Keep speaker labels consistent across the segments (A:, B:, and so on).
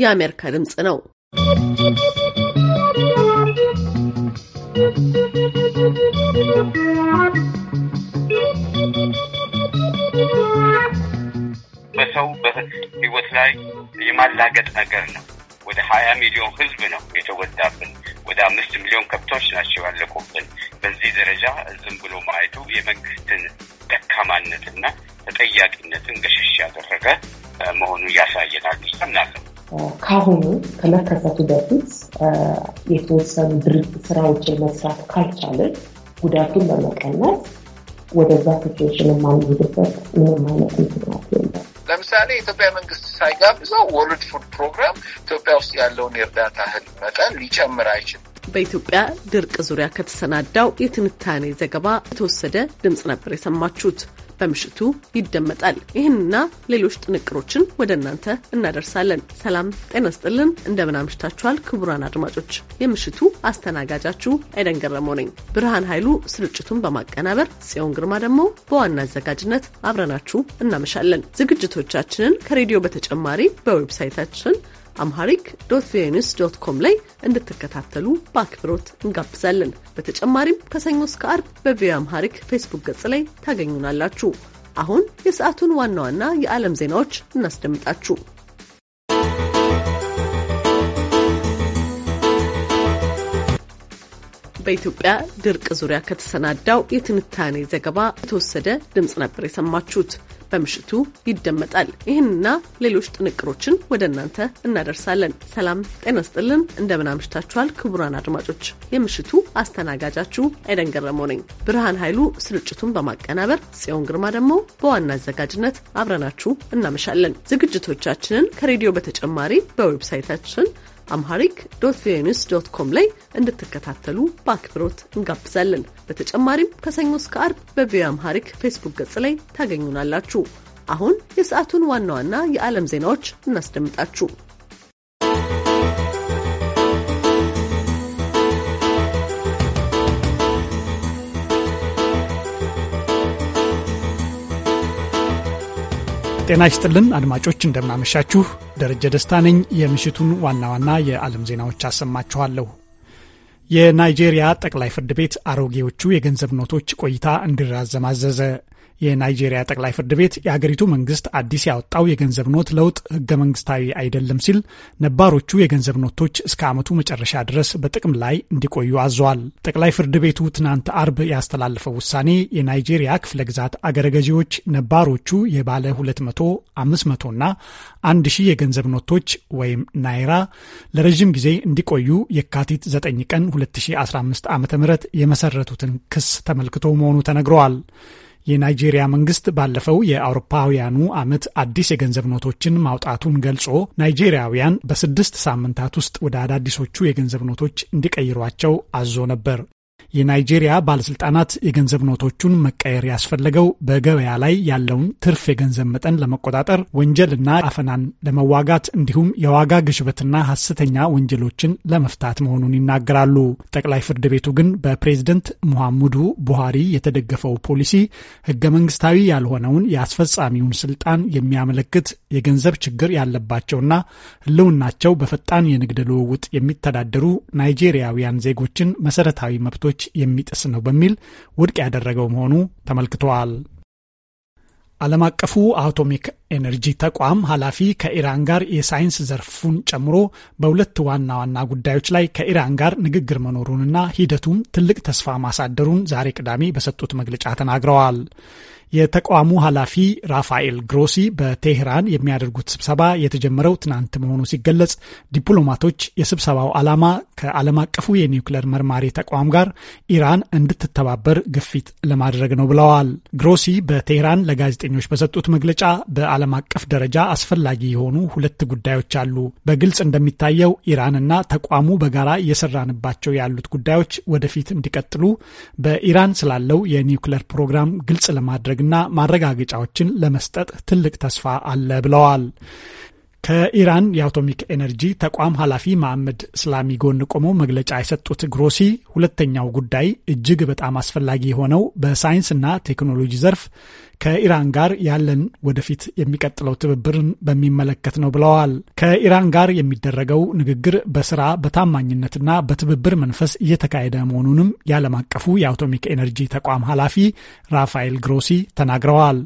A: የአሜሪካ ድምፅ ነው።
B: በሰው ህይወት ላይ የማላገጥ ነገር ነው። ወደ ሀያ ሚሊዮን ህዝብ ነው የተጎዳብን። ወደ አምስት ሚሊዮን ከብቶች ናቸው ያለቁብን። በዚህ ደረጃ ዝም ብሎ ማየቱ የመንግስትን ደካማነትና ተጠያቂነትን ገሸሽ ያደረገ መሆኑ ያሳየናል ብዬ
C: ካሁኑ ከመከሰቱ በፊት የተወሰኑ ድርጅት ስራዎችን መስራት ካልቻለ ጉዳቱን ለመቀነስ ወደዛ ሲትዌሽን የማንሄድበት ምንም አይነት ምክንያት የለም። ለምሳሌ የኢትዮጵያ መንግስት ሳይጋብዘው ወርልድ ፉድ ፕሮግራም ኢትዮጵያ ውስጥ ያለውን የእርዳታ እህል መጠን
A: ሊጨምር አይችልም። በኢትዮጵያ ድርቅ ዙሪያ ከተሰናዳው የትንታኔ ዘገባ የተወሰደ ድምፅ ነበር የሰማችሁት። በምሽቱ ይደመጣል። ይህንና ሌሎች ጥንቅሮችን ወደ እናንተ እናደርሳለን። ሰላም ጤና ስጥልን፣ እንደምን አምሽታችኋል ክቡራን አድማጮች። የምሽቱ አስተናጋጃችሁ አይደን ገረመው ነኝ። ብርሃን ኃይሉ ስርጭቱን በማቀናበር ጽዮን ግርማ ደግሞ በዋና አዘጋጅነት አብረናችሁ እናመሻለን። ዝግጅቶቻችንን ከሬዲዮ በተጨማሪ በዌብሳይታችን አምሃሪክ ዶት ቪኦኤ ኒውስ ዶት ኮም ላይ እንድትከታተሉ በአክብሮት እንጋብዛለን። በተጨማሪም ከሰኞ እስከ አርብ በቪኦኤ አምሃሪክ ፌስቡክ ገጽ ላይ ታገኙናላችሁ። አሁን የሰዓቱን ዋና ዋና የዓለም ዜናዎች እናስደምጣችሁ። በኢትዮጵያ ድርቅ ዙሪያ ከተሰናዳው የትንታኔ ዘገባ የተወሰደ ድምፅ ነበር የሰማችሁት። በምሽቱ ይደመጣል። ይህንና ሌሎች ጥንቅሮችን ወደ እናንተ እናደርሳለን። ሰላም ጤና ስጥልን፣ እንደምን አምሽታችኋል ክቡራን አድማጮች። የምሽቱ አስተናጋጃችሁ አይደን ገረመው ነኝ። ብርሃን ኃይሉ ስርጭቱን በማቀናበር ጽዮን ግርማ ደግሞ በዋና አዘጋጅነት አብረናችሁ እናመሻለን። ዝግጅቶቻችንን ከሬዲዮ በተጨማሪ በዌብሳይታችን አምሃሪክ ዶት ቪኦኤ ኒውስ ዶት ኮም ላይ እንድትከታተሉ በአክብሮት እንጋብዛለን። በተጨማሪም ከሰኞ እስከ አርብ በቪኦኤ አምሃሪክ ፌስቡክ ገጽ ላይ ታገኙናላችሁ። አሁን የሰዓቱን ዋና ዋና የዓለም ዜናዎች እናስደምጣችሁ።
D: ጤና ይስጥልን አድማጮች፣ እንደምናመሻችሁ። ደረጀ ደስታ ነኝ። የምሽቱን ዋና ዋና የዓለም ዜናዎች አሰማችኋለሁ። የናይጄሪያ ጠቅላይ ፍርድ ቤት አሮጌዎቹ የገንዘብ ኖቶች ቆይታ እንዲራዘም አዘዘ። የናይጄሪያ ጠቅላይ ፍርድ ቤት የአገሪቱ መንግስት አዲስ ያወጣው የገንዘብ ኖት ለውጥ ህገ መንግስታዊ አይደለም ሲል ነባሮቹ የገንዘብ ኖቶች እስከ ዓመቱ መጨረሻ ድረስ በጥቅም ላይ እንዲቆዩ አዘዋል። ጠቅላይ ፍርድ ቤቱ ትናንት አርብ ያስተላለፈው ውሳኔ የናይጄሪያ ክፍለ ግዛት አገረ ገዢዎች ነባሮቹ የባለ 200፣ 500 እና 1000 የገንዘብ ኖቶች ወይም ናይራ ለረዥም ጊዜ እንዲቆዩ የካቲት 9 ቀን 2015 ዓ ም የመሰረቱትን ክስ ተመልክቶ መሆኑ ተነግረዋል። የናይጄሪያ መንግስት ባለፈው የአውሮፓውያኑ ዓመት አዲስ የገንዘብ ኖቶችን ማውጣቱን ገልጾ ናይጄሪያውያን በስድስት ሳምንታት ውስጥ ወደ አዳዲሶቹ የገንዘብ ኖቶች እንዲቀይሯቸው አዞ ነበር። የናይጄሪያ ባለስልጣናት የገንዘብ ኖቶቹን መቀየር ያስፈለገው በገበያ ላይ ያለውን ትርፍ የገንዘብ መጠን ለመቆጣጠር፣ ወንጀልና አፈናን ለመዋጋት እንዲሁም የዋጋ ግሽበትና ሐሰተኛ ወንጀሎችን ለመፍታት መሆኑን ይናገራሉ። ጠቅላይ ፍርድ ቤቱ ግን በፕሬዝደንት ሙሐሙዱ ቡሃሪ የተደገፈው ፖሊሲ ህገ መንግስታዊ ያልሆነውን የአስፈጻሚውን ስልጣን የሚያመለክት የገንዘብ ችግር ያለባቸውና ህልውናቸው በፈጣን የንግድ ልውውጥ የሚተዳደሩ ናይጄሪያውያን ዜጎችን መሰረታዊ መብቶች መብቶች የሚጥስ ነው በሚል ውድቅ ያደረገው መሆኑ ተመልክተዋል። ዓለም አቀፉ አቶሚክ ኤነርጂ ተቋም ኃላፊ ከኢራን ጋር የሳይንስ ዘርፉን ጨምሮ በሁለት ዋና ዋና ጉዳዮች ላይ ከኢራን ጋር ንግግር መኖሩንና ሂደቱም ትልቅ ተስፋ ማሳደሩን ዛሬ ቅዳሜ በሰጡት መግለጫ ተናግረዋል። የተቋሙ ኃላፊ ራፋኤል ግሮሲ በቴህራን የሚያደርጉት ስብሰባ የተጀመረው ትናንት መሆኑ ሲገለጽ ዲፕሎማቶች የስብሰባው ዓላማ ከዓለም አቀፉ የኒውክሌር መርማሪ ተቋም ጋር ኢራን እንድትተባበር ግፊት ለማድረግ ነው ብለዋል። ግሮሲ በቴህራን ለጋዜጠኞች በሰጡት መግለጫ በዓለም አቀፍ ደረጃ አስፈላጊ የሆኑ ሁለት ጉዳዮች አሉ። በግልጽ እንደሚታየው ኢራንና ተቋሙ በጋራ እየሰራንባቸው ያሉት ጉዳዮች ወደፊት እንዲቀጥሉ በኢራን ስላለው የኒውክሌር ፕሮግራም ግልጽ ለማድረግ ለማድረግና ማረጋገጫዎችን ለመስጠት ትልቅ ተስፋ አለ ብለዋል። ከኢራን የአቶሚክ ኤነርጂ ተቋም ኃላፊ መሐመድ እስላሚ ጎን ቆመው መግለጫ የሰጡት ግሮሲ ሁለተኛው ጉዳይ እጅግ በጣም አስፈላጊ የሆነው በሳይንስና ቴክኖሎጂ ዘርፍ ከኢራን ጋር ያለን ወደፊት የሚቀጥለው ትብብርን በሚመለከት ነው ብለዋል። ከኢራን ጋር የሚደረገው ንግግር በስራ በታማኝነትና በትብብር መንፈስ እየተካሄደ መሆኑንም የዓለም አቀፉ የአቶሚክ ኤነርጂ ተቋም ኃላፊ ራፋኤል ግሮሲ ተናግረዋል።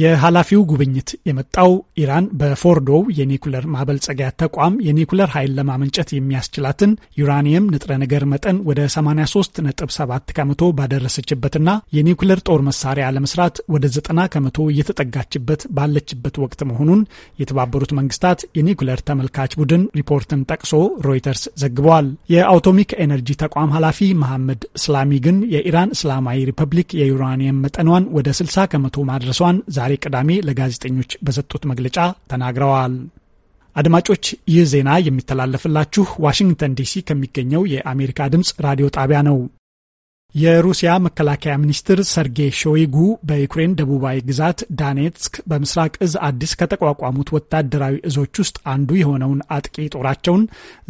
D: የኃላፊው ጉብኝት የመጣው ኢራን በፎርዶው የኒኩለር ማበልጸጊያ ተቋም የኒኩለር ኃይል ለማመንጨት የሚያስችላትን ዩራኒየም ንጥረ ነገር መጠን ወደ 83.7 ከመቶ ባደረሰችበትና የኒኩለር ጦር መሳሪያ ለመስራት ወደ ዘጠና ከመቶ እየተጠጋችበት ባለችበት ወቅት መሆኑን የተባበሩት መንግስታት የኒኩሌር ተመልካች ቡድን ሪፖርትን ጠቅሶ ሮይተርስ ዘግበዋል። የአውቶሚክ ኤነርጂ ተቋም ኃላፊ መሐመድ እስላሚ ግን የኢራን እስላማዊ ሪፐብሊክ የዩራኒየም መጠኗን ወደ 60 ከመቶ ማድረሷን ዛሬ ቅዳሜ ለጋዜጠኞች በሰጡት መግለጫ ተናግረዋል። አድማጮች ይህ ዜና የሚተላለፍላችሁ ዋሽንግተን ዲሲ ከሚገኘው የአሜሪካ ድምፅ ራዲዮ ጣቢያ ነው። የሩሲያ መከላከያ ሚኒስትር ሰርጌይ ሾይጉ በዩክሬን ደቡባዊ ግዛት ዳኔትስክ በምስራቅ እዝ አዲስ ከተቋቋሙት ወታደራዊ እዞች ውስጥ አንዱ የሆነውን አጥቂ ጦራቸውን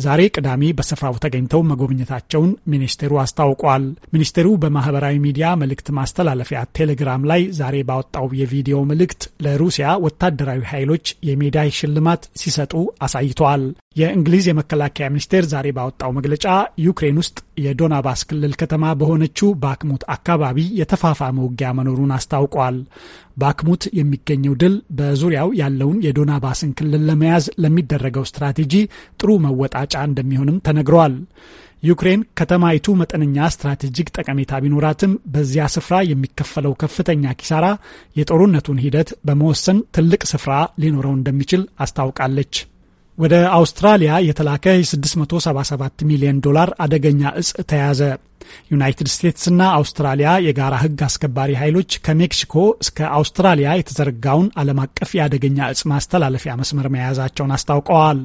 D: ዛሬ ቅዳሜ በስፍራው ተገኝተው መጎብኘታቸውን ሚኒስቴሩ አስታውቋል። ሚኒስቴሩ በማህበራዊ ሚዲያ መልእክት ማስተላለፊያ ቴሌግራም ላይ ዛሬ ባወጣው የቪዲዮ መልእክት ለሩሲያ ወታደራዊ ኃይሎች የሜዳይ ሽልማት ሲሰጡ አሳይተዋል። የእንግሊዝ የመከላከያ ሚኒስቴር ዛሬ ባወጣው መግለጫ ዩክሬን ውስጥ የዶናባስ ክልል ከተማ በሆነ በሆነችው ባክሙት አካባቢ የተፋፋመ ውጊያ መኖሩን አስታውቋል። ባክሙት የሚገኘው ድል በዙሪያው ያለውን የዶናባስን ክልል ለመያዝ ለሚደረገው ስትራቴጂ ጥሩ መወጣጫ እንደሚሆንም ተነግሯል። ዩክሬን ከተማይቱ መጠነኛ ስትራቴጂክ ጠቀሜታ ቢኖራትም በዚያ ስፍራ የሚከፈለው ከፍተኛ ኪሳራ የጦርነቱን ሂደት በመወሰን ትልቅ ስፍራ ሊኖረው እንደሚችል አስታውቃለች። ወደ አውስትራሊያ የተላከ የ677 ሚሊዮን ዶላር አደገኛ እጽ ተያዘ። ዩናይትድ ስቴትስና አውስትራሊያ የጋራ ሕግ አስከባሪ ኃይሎች ከሜክሲኮ እስከ አውስትራሊያ የተዘረጋውን ዓለም አቀፍ የአደገኛ እጽ ማስተላለፊያ መስመር መያዛቸውን አስታውቀዋል።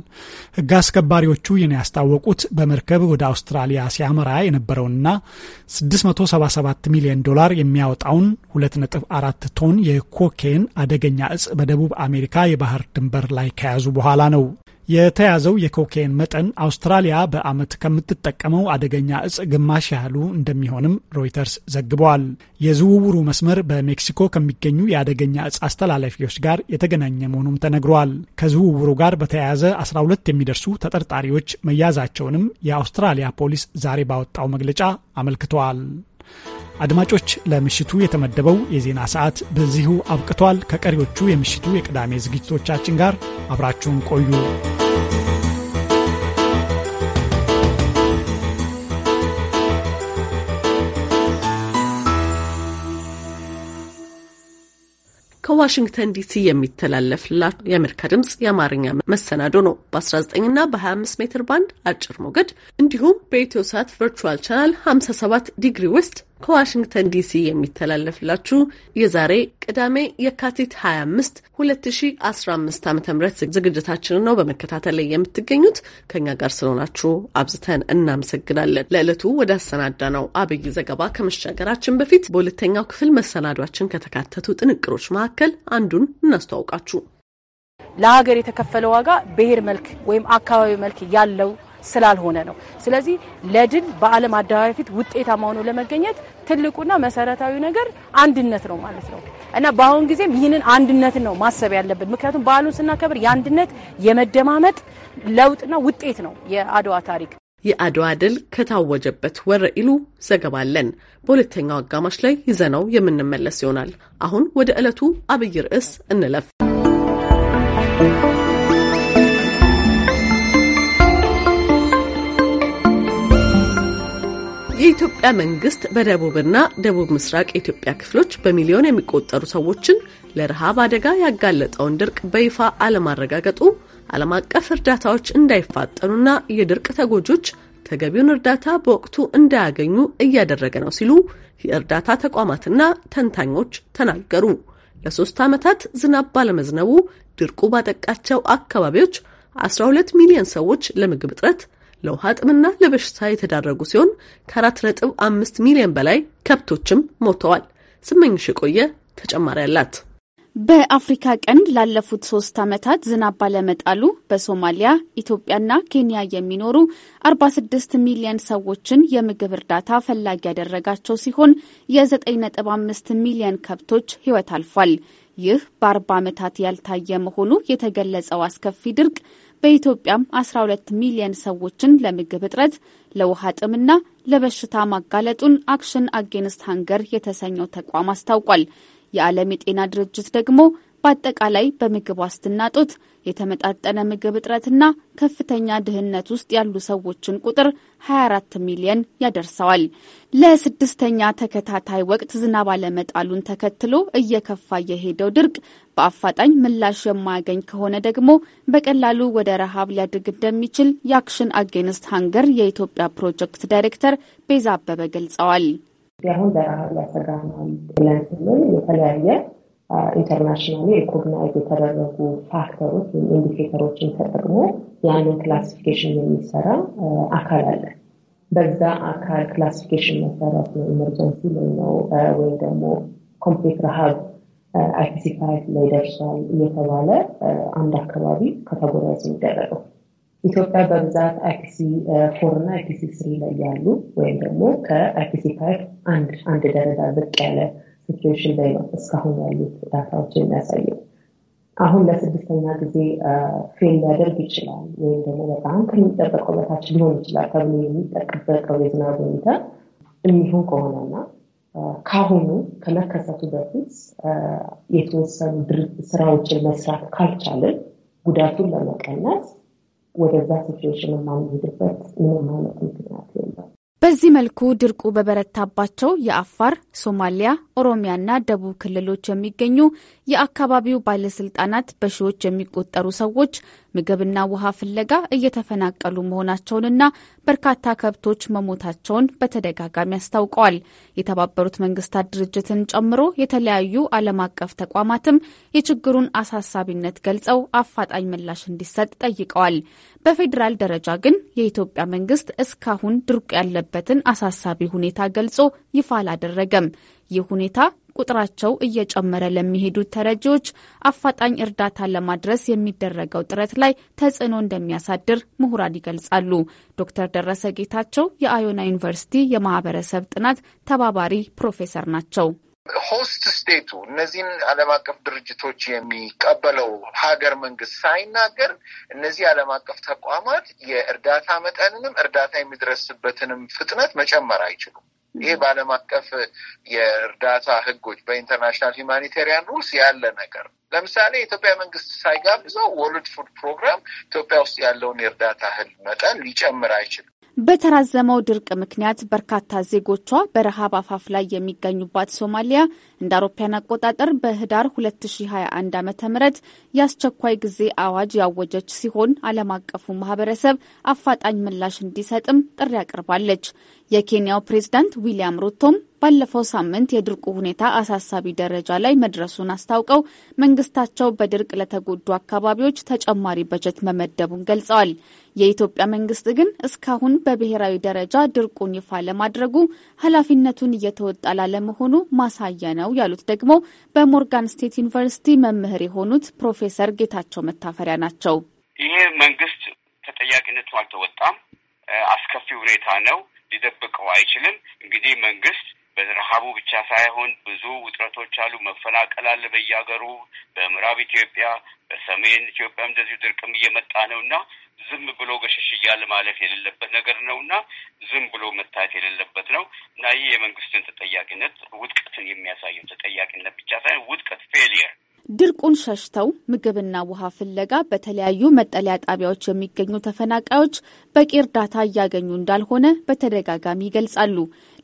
D: ሕግ አስከባሪዎቹ ይህን ያስታወቁት በመርከብ ወደ አውስትራሊያ ሲያመራ የነበረውንና 677 ሚሊዮን ዶላር የሚያወጣውን 2.4 ቶን የኮኬን አደገኛ እጽ በደቡብ አሜሪካ የባህር ድንበር ላይ ከያዙ በኋላ ነው። የተያዘው የኮኬን መጠን አውስትራሊያ በዓመት ከምትጠቀመው አደገኛ እጽ ግማሽ ያህሉ እንደሚሆንም ሮይተርስ ዘግበዋል። የዝውውሩ መስመር በሜክሲኮ ከሚገኙ የአደገኛ እጽ አስተላለፊዎች ጋር የተገናኘ መሆኑም ተነግሯል። ከዝውውሩ ጋር በተያያዘ 12 የሚደርሱ ተጠርጣሪዎች መያዛቸውንም የአውስትራሊያ ፖሊስ ዛሬ ባወጣው መግለጫ አመልክተዋል። አድማጮች፣ ለምሽቱ የተመደበው የዜና ሰዓት በዚሁ አብቅቷል። ከቀሪዎቹ የምሽቱ የቅዳሜ ዝግጅቶቻችን ጋር አብራችሁን ቆዩ።
A: ከዋሽንግተን ዲሲ ላ የአሜሪካ ድምጽ የአማርኛ መሰናዶ ነው። በ19 እና በ25 ሜትር ባንድ አጭር ሞገድ እንዲሁም ሳት ቨርቹዋል ቻናል 57 ዲግሪ ውስጥ ከዋሽንግተን ዲሲ የሚተላለፍላችሁ የዛሬ ቅዳሜ የካቲት 25 2015 ዓ ም ዝግጅታችንን ነው በመከታተል ላይ የምትገኙት። ከእኛ ጋር ስለሆናችሁ አብዝተን እናመሰግናለን። ለዕለቱ ወደ አሰናዳ ነው አብይ ዘገባ ከመሻገራችን በፊት በሁለተኛው ክፍል መሰናዷችን ከተካተቱ ጥንቅሮች መካከል አንዱን እናስተዋውቃችሁ። ለሀገር
E: የተከፈለ ዋጋ ብሔር መልክ ወይም አካባቢ መልክ ያለው ስላልሆነ ነው። ስለዚህ ለድል በዓለም አደባባይ ፊት ውጤታማ ሆኖ ለመገኘት ትልቁና መሰረታዊ ነገር አንድነት ነው ማለት ነው እና በአሁን ጊዜም ይህንን አንድነትን ነው ማሰብ ያለብን። ምክንያቱም በዓሉን ስናከብር የአንድነት የመደማመጥ ለውጥና ውጤት ነው የአድዋ ታሪክ።
A: የአድዋ ድል ከታወጀበት ወረኢሉ ዘገባ አለን። በሁለተኛው አጋማሽ ላይ ይዘነው የምንመለስ ይሆናል። አሁን ወደ ዕለቱ አብይ ርዕስ እንለፍ። የኢትዮጵያ መንግስት በደቡብና ደቡብ ምስራቅ የኢትዮጵያ ክፍሎች በሚሊዮን የሚቆጠሩ ሰዎችን ለረሃብ አደጋ ያጋለጠውን ድርቅ በይፋ አለማረጋገጡ ዓለም አቀፍ እርዳታዎች እንዳይፋጠኑና የድርቅ ተጎጆች ተገቢውን እርዳታ በወቅቱ እንዳያገኙ እያደረገ ነው ሲሉ የእርዳታ ተቋማትና ተንታኞች ተናገሩ። ለሶስት ዓመታት ዝናብ ባለመዝነቡ ድርቁ ባጠቃቸው አካባቢዎች 12 ሚሊዮን ሰዎች ለምግብ እጥረት ለውሃ ጥምና ለበሽታ የተዳረጉ ሲሆን ከአራት ነጥብ አምስት ሚሊዮን በላይ ከብቶችም ሞተዋል። ስመኝሽ የቆየ ተጨማሪ አላት።
F: በአፍሪካ ቀንድ ላለፉት ሶስት ዓመታት ዝናብ ባለመጣሉ በሶማሊያ ኢትዮጵያና ኬንያ የሚኖሩ 46 ሚሊየን ሰዎችን የምግብ እርዳታ ፈላጊ ያደረጋቸው ሲሆን የ9.5 ሚሊየን ከብቶች ሕይወት አልፏል። ይህ በ40 ዓመታት ያልታየ መሆኑ የተገለጸው አስከፊ ድርቅ በኢትዮጵያም 12 ሚሊየን ሰዎችን ለምግብ እጥረት፣ ለውሃ ጥምና ለበሽታ ማጋለጡን አክሽን አጌንስት ሀንገር የተሰኘው ተቋም አስታውቋል። የዓለም የጤና ድርጅት ደግሞ በአጠቃላይ በምግብ ዋስትና ጡት፣ የተመጣጠነ ምግብ እጥረትና ከፍተኛ ድህነት ውስጥ ያሉ ሰዎችን ቁጥር 24 ሚሊየን ያደርሰዋል። ለስድስተኛ ተከታታይ ወቅት ዝናብ አለመጣሉን ተከትሎ እየከፋ የሄደው ድርቅ በአፋጣኝ ምላሽ የማያገኝ ከሆነ ደግሞ በቀላሉ ወደ ረሃብ ሊያድርግ እንደሚችል የአክሽን አጌንስት ሀንገር የኢትዮጵያ ፕሮጀክት ዳይሬክተር ቤዛ አበበ ገልጸዋል። አሁን በረሃብ ሊያሰጋናል
C: ብለን ስንል የተለያየ ኢንተርናሽናሊ ሪኮግናይዝ የተደረጉ ፋክተሮች ወይም ኢንዲኬተሮችን ተጠቅሞ ያንን ክላሲፊኬሽን የሚሰራ አካል አለ። በዛ አካል ክላሲፊኬሽን መሰረት ነው ኢመርጀንሲ ወይ ነው ወይም ደግሞ ኮምፕሌት ረሃብ አርቲሲ ላይ ደርሷል እየተባለ አንድ አካባቢ ካታጎራይዝ የሚደረገው ኢትዮጵያ በብዛት አርቲሲ ፎር እና አርቲሲ ስሪ ላይ ያሉ ወይም ደግሞ ከአርቲሲ ፋይቭ አንድ አንድ ደረጃ ዝቅ ያለ ሲትዌሽን ላይ ነው እስካሁን ያሉት ዳታዎች የሚያሳየው። አሁን ለስድስተኛ ጊዜ ፌል ሊያደርግ ይችላል ወይም ደግሞ በጣም ከሚጠበቀው በታች ሊሆን ይችላል ተብሎ የሚጠበቀው የዝናብ ሁኔታ የሚሆን ከሆነና ካሁኑ ከመከሰቱ በፊት የተወሰኑ ድርጅት ስራዎችን መስራት ካልቻልን ጉዳቱን ለመቀነስ ወደዛ ሲትዌሽን የማንሄድበት ምንም አይነት ምክንያት የለም።
F: በዚህ መልኩ ድርቁ በበረታባቸው የአፋር፣ ሶማሊያ፣ ኦሮሚያና ደቡብ ክልሎች የሚገኙ የአካባቢው ባለስልጣናት በሺዎች የሚቆጠሩ ሰዎች ምግብና ውሃ ፍለጋ እየተፈናቀሉ መሆናቸውንና በርካታ ከብቶች መሞታቸውን በተደጋጋሚ አስታውቀዋል። የተባበሩት መንግስታት ድርጅትን ጨምሮ የተለያዩ ዓለም አቀፍ ተቋማትም የችግሩን አሳሳቢነት ገልጸው አፋጣኝ ምላሽ እንዲሰጥ ጠይቀዋል። በፌዴራል ደረጃ ግን የኢትዮጵያ መንግስት እስካሁን ድርቁ ያለበትን አሳሳቢ ሁኔታ ገልጾ ይፋ አላደረገም። ይህ ሁኔታ ቁጥራቸው እየጨመረ ለሚሄዱት ተረጂዎች አፋጣኝ እርዳታ ለማድረስ የሚደረገው ጥረት ላይ ተጽዕኖ እንደሚያሳድር ምሁራን ይገልጻሉ። ዶክተር ደረሰ ጌታቸው የአዮና ዩኒቨርሲቲ የማህበረሰብ ጥናት ተባባሪ ፕሮፌሰር ናቸው። ሆስት
G: ስቴቱ እነዚህን ዓለም አቀፍ ድርጅቶች የሚቀበለው ሀገር መንግስት ሳይናገር እነዚህ ዓለም አቀፍ ተቋማት የእርዳታ መጠንንም እርዳታ የሚደረስበትንም ፍጥነት መጨመር አይችሉም። ይሄ በዓለም አቀፍ የእርዳታ ህጎች በኢንተርናሽናል ሂማኒቴሪያን ሩልስ ያለ ነገር። ለምሳሌ የኢትዮጵያ መንግስት ሳይጋብዘው ወርልድ ፉድ ፕሮግራም ኢትዮጵያ ውስጥ ያለውን የእርዳታ እህል መጠን ሊጨምር አይችልም።
F: በተራዘመው ድርቅ ምክንያት በርካታ ዜጎቿ በረሃብ አፋፍ ላይ የሚገኙባት ሶማሊያ እንደ አውሮፓያን አቆጣጠር በህዳር 2021 ዓ ም የአስቸኳይ ጊዜ አዋጅ ያወጀች ሲሆን ዓለም አቀፉ ማህበረሰብ አፋጣኝ ምላሽ እንዲሰጥም ጥሪ አቅርባለች። የኬንያው ፕሬዝዳንት ዊሊያም ሩቶም ባለፈው ሳምንት የድርቁ ሁኔታ አሳሳቢ ደረጃ ላይ መድረሱን አስታውቀው መንግስታቸው በድርቅ ለተጎዱ አካባቢዎች ተጨማሪ በጀት መመደቡን ገልጸዋል። የኢትዮጵያ መንግስት ግን እስካሁን በብሔራዊ ደረጃ ድርቁን ይፋ ለማድረጉ ኃላፊነቱን እየተወጣ ላለመሆኑ ማሳያ ነው ያሉት ደግሞ በሞርጋን ስቴት ዩኒቨርሲቲ መምህር የሆኑት ፕሮፌሰር ጌታቸው መታፈሪያ ናቸው። ይሄ መንግስት ተጠያቂነቱ አልተወጣም። አስከፊ ሁኔታ
B: ነው። ሊደብቀው አይችልም። እንግዲህ መንግስት በረሃቡ ብቻ ሳይሆን ብዙ ውጥረቶች አሉ። መፈናቀል አለ በየሀገሩ በምዕራብ ኢትዮጵያ፣ በሰሜን ኢትዮጵያ እንደዚሁ ድርቅም እየመጣ ነው እና ዝም ብሎ ገሸሽ እያለ ማለፍ የሌለበት ነገር ነው እና ዝም ብሎ መታየት የሌለበት ነው እና ይህ የመንግስትን ተጠያቂነት ውድቀትን የሚያሳየው ተጠያቂነት ብቻ ሳይሆን ውድቀት ፌሊየር
F: ድርቁን ሸሽተው ምግብና ውሃ ፍለጋ በተለያዩ መጠለያ ጣቢያዎች የሚገኙ ተፈናቃዮች በቂ እርዳታ እያገኙ እንዳልሆነ በተደጋጋሚ ይገልጻሉ።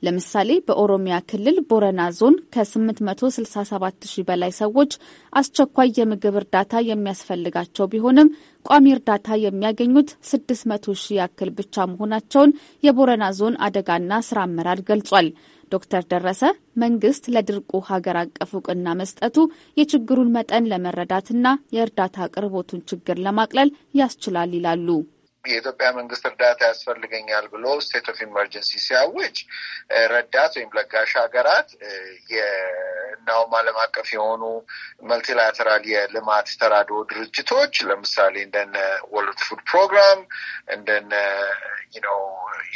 F: ለምሳሌ በኦሮሚያ ክልል ቦረና ዞን ከ867 ሺ በላይ ሰዎች አስቸኳይ የምግብ እርዳታ የሚያስፈልጋቸው ቢሆንም ቋሚ እርዳታ የሚያገኙት 600 ሺህ ያክል ብቻ መሆናቸውን የቦረና ዞን አደጋና ስራ አመራር ገልጿል። ዶክተር ደረሰ መንግስት ለድርቁ ሀገር አቀፍ እውቅና መስጠቱ የችግሩን መጠን ለመረዳትና የእርዳታ አቅርቦቱን ችግር ለማቅለል ያስችላል ይላሉ።
G: የኢትዮጵያ መንግስት እርዳታ ያስፈልገኛል ብሎ ስቴት ኦፍ ኢመርጀንሲ ሲያውጅ ረዳት ወይም ለጋሽ ሀገራት የናውም ዓለም አቀፍ የሆኑ መልቲላተራል የልማት ተራድኦ ድርጅቶች ለምሳሌ እንደነ ወርልድ ፉድ ፕሮግራም እንደነ ነው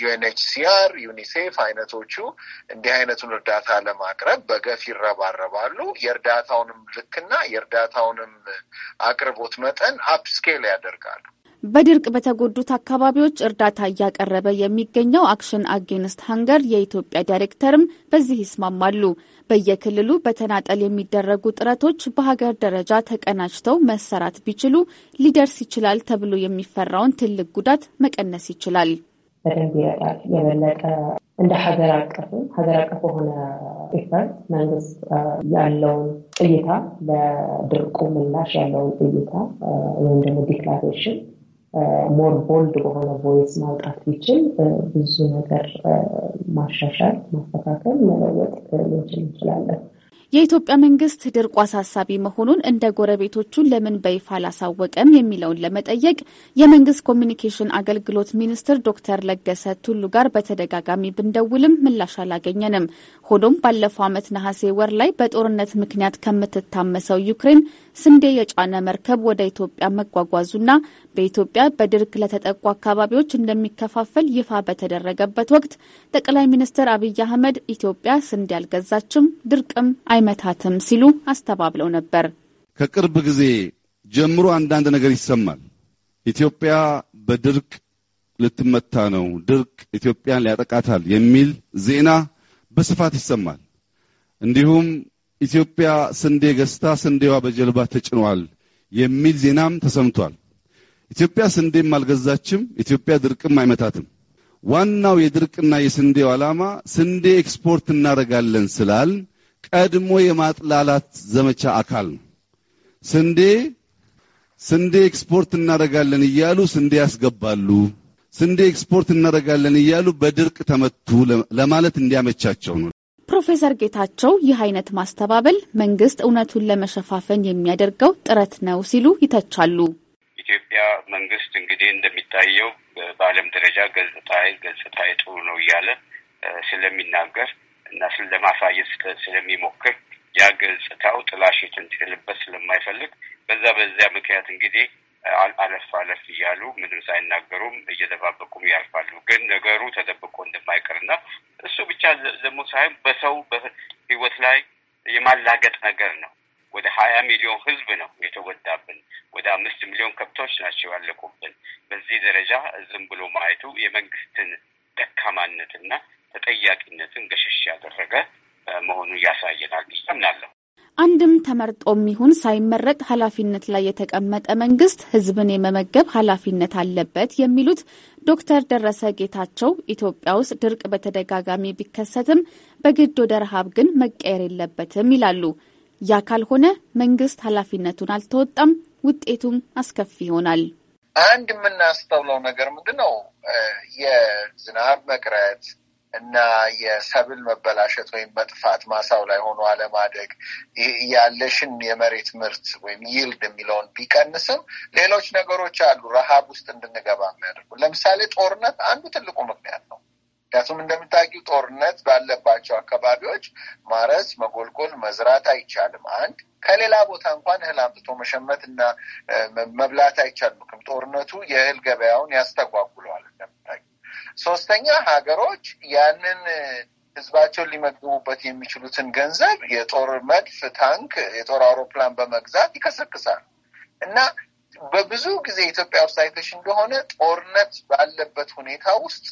G: ዩኤንኤችሲአር፣ ዩኒሴፍ አይነቶቹ እንዲህ አይነቱን እርዳታ ለማቅረብ በገፍ ይረባረባሉ። የእርዳታውንም ልክና የእርዳታውንም አቅርቦት መጠን አፕስኬል ያደርጋሉ።
F: በድርቅ በተጎዱት አካባቢዎች እርዳታ እያቀረበ የሚገኘው አክሽን አጌንስት ሀንገር የኢትዮጵያ ዳይሬክተርም በዚህ ይስማማሉ። በየክልሉ በተናጠል የሚደረጉ ጥረቶች በሀገር ደረጃ ተቀናጅተው መሰራት ቢችሉ ሊደርስ ይችላል ተብሎ የሚፈራውን ትልቅ ጉዳት መቀነስ ይችላል።
C: በደንብ ይረዳል። የበለጠ እንደ ሀገር አቀፍ ሀገር አቀፍ በሆነ ኤፈርት መንግስት ያለውን እይታ ለድርቁ ምላሽ ያለውን እይታ ወይም ደግሞ ዲክላሬሽን ሞር ቦልድ በሆነ ቮይስ ማውጣት ቢችል ብዙ ነገር ማሻሻል፣ ማስተካከል፣ መለወጥ ልንችል እንችላለን።
F: የኢትዮጵያ መንግስት ድርቁ አሳሳቢ መሆኑን እንደ ጎረቤቶቹን ለምን በይፋ አላሳወቀም የሚለውን ለመጠየቅ የመንግስት ኮሚኒኬሽን አገልግሎት ሚኒስትር ዶክተር ለገሰ ቱሉ ጋር በተደጋጋሚ ብንደውልም ምላሽ አላገኘንም። ሆኖም ባለፈው ዓመት ነሐሴ ወር ላይ በጦርነት ምክንያት ከምትታመሰው ዩክሬን ስንዴ የጫነ መርከብ ወደ ኢትዮጵያ መጓጓዙና በኢትዮጵያ በድርቅ ለተጠቁ አካባቢዎች እንደሚከፋፈል ይፋ በተደረገበት ወቅት ጠቅላይ ሚኒስትር አብይ አህመድ ኢትዮጵያ ስንዴ አልገዛችም ድርቅም አይ አይመታትም ሲሉ አስተባብለው ነበር።
B: ከቅርብ ጊዜ ጀምሮ አንዳንድ ነገር ይሰማል። ኢትዮጵያ በድርቅ ልትመታ ነው፣ ድርቅ ኢትዮጵያን ሊያጠቃታል የሚል ዜና በስፋት ይሰማል። እንዲሁም ኢትዮጵያ ስንዴ ገዝታ ስንዴዋ በጀልባ ተጭኗል የሚል ዜናም ተሰምቷል። ኢትዮጵያ ስንዴም አልገዛችም፣ ኢትዮጵያ ድርቅም አይመታትም። ዋናው የድርቅና የስንዴው ዓላማ ስንዴ ኤክስፖርት እናደርጋለን ስላል ቀድሞ የማጥላላት ዘመቻ አካል ነው። ስንዴ ስንዴ ኤክስፖርት እናደርጋለን እያሉ ስንዴ ያስገባሉ። ስንዴ ኤክስፖርት እናደርጋለን እያሉ በድርቅ ተመቱ ለማለት እንዲያመቻቸው ነው።
F: ፕሮፌሰር ጌታቸው ይህ አይነት ማስተባበል መንግስት እውነቱን ለመሸፋፈን የሚያደርገው ጥረት ነው ሲሉ ይተቻሉ።
B: ኢትዮጵያ መንግስት እንግዲህ እንደሚታየው በዓለም ደረጃ ገጽታ ገጽታ ጥሩ ነው እያለ ስለሚናገር እና ለማሳየት ስለሚሞክር ያ ገጽታው ጥላሸት እንዲጥልበት ስለማይፈልግ በዛ በዚያ ምክንያት እንግዲህ አለፍ አለፍ እያሉ ምንም ሳይናገሩም እየደባበቁም ያልፋሉ። ግን ነገሩ ተደብቆ እንደማይቀርና እሱ ብቻ ደግሞ ሳይሆን በሰው ሕይወት ላይ የማላገጥ ነገር ነው። ወደ ሀያ ሚሊዮን ህዝብ ነው የተጎዳብን። ወደ አምስት ሚሊዮን ከብቶች ናቸው ያለቁብን። በዚህ ደረጃ ዝም ብሎ ማየቱ የመንግስትን ደካማነትና ተጠያቂነትን ገሸሽ ያደረገ መሆኑን እያሳየናል ብዬ አምናለሁ።
F: አንድም ተመርጦም ይሁን ሳይመረጥ ኃላፊነት ላይ የተቀመጠ መንግስት ህዝብን የመመገብ ኃላፊነት አለበት የሚሉት ዶክተር ደረሰ ጌታቸው ኢትዮጵያ ውስጥ ድርቅ በተደጋጋሚ ቢከሰትም በግድ ወደ ረሃብ ግን መቀየር የለበትም ይላሉ። ያ ካልሆነ መንግስት ኃላፊነቱን አልተወጣም፣ ውጤቱም አስከፊ ይሆናል።
G: አንድ የምናስተውለው ነገር ምንድን ነው? የዝናብ መቅረት እና የሰብል መበላሸት ወይም መጥፋት ማሳው ላይ ሆኖ አለማደግ ያለሽን የመሬት ምርት ወይም ይልድ የሚለውን ቢቀንስም ሌሎች ነገሮች አሉ ረሃብ ውስጥ እንድንገባ የሚያደርጉ ለምሳሌ ጦርነት አንዱ ትልቁ ምክንያት ነው። ምክንያቱም እንደምታውቂው ጦርነት ባለባቸው አካባቢዎች ማረስ፣ መጎልጎል፣ መዝራት አይቻልም። አንድ ከሌላ ቦታ እንኳን እህል አምጥቶ መሸመት እና መብላት አይቻልም። ጦርነቱ የእህል ገበያውን ያስተጓጉላል። ሶስተኛ ሀገሮች ያንን ህዝባቸውን ሊመግቡበት የሚችሉትን ገንዘብ የጦር መድፍ፣ ታንክ፣ የጦር አውሮፕላን በመግዛት ይከሰክሳል እና በብዙ ጊዜ ኢትዮጵያ ውስጥ አይተሽ እንደሆነ ጦርነት ባለበት ሁኔታ ውስጥ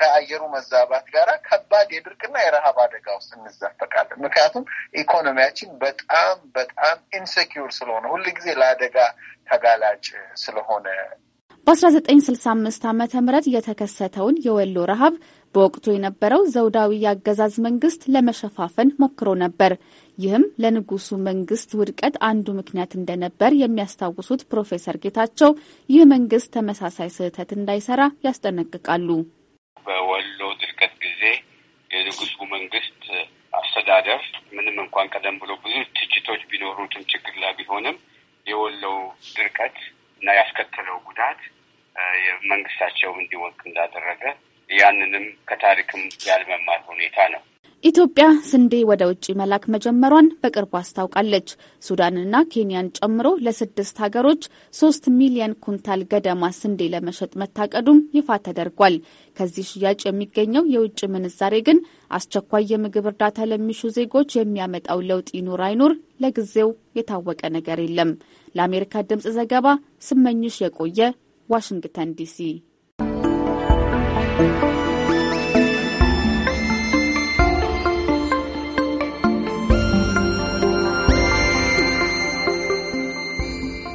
G: ከአየሩ መዛባት ጋር ከባድ የድርቅና የረሃብ አደጋ ውስጥ እንዘፈቃለን። ምክንያቱም ኢኮኖሚያችን በጣም በጣም ኢንሴኪር ስለሆነ ሁል ጊዜ ለአደጋ ተጋላጭ ስለሆነ
F: በ1965 ዓ ም የተከሰተውን የወሎ ረሃብ በወቅቱ የነበረው ዘውዳዊ የአገዛዝ መንግስት ለመሸፋፈን ሞክሮ ነበር። ይህም ለንጉሱ መንግስት ውድቀት አንዱ ምክንያት እንደነበር የሚያስታውሱት ፕሮፌሰር ጌታቸው ይህ መንግስት ተመሳሳይ ስህተት እንዳይሰራ ያስጠነቅቃሉ።
B: በወሎ ድርቀት ጊዜ የንጉሱ መንግስት አስተዳደር ምንም እንኳን ቀደም ብሎ ብዙ ትችቶች ቢኖሩትም ችግር ላይ ቢሆንም የወሎ ድርቀት እና ያስከተለው ጉዳት መንግስታቸው እንዲወቅ እንዳደረገ ያንንም ከታሪክም ያልመማር ሁኔታ ነው።
F: ኢትዮጵያ ስንዴ ወደ ውጭ መላክ መጀመሯን በቅርቡ አስታውቃለች። ሱዳንና ኬንያን ጨምሮ ለስድስት ሀገሮች ሶስት ሚሊየን ኩንታል ገደማ ስንዴ ለመሸጥ መታቀዱም ይፋ ተደርጓል። ከዚህ ሽያጭ የሚገኘው የውጭ ምንዛሬ ግን አስቸኳይ የምግብ እርዳታ ለሚሹ ዜጎች የሚያመጣው ለውጥ ይኑር አይኑር ለጊዜው የታወቀ ነገር የለም። ለአሜሪካ ድምፅ ዘገባ ስመኝሽ የቆየ ዋሽንግተን ዲሲ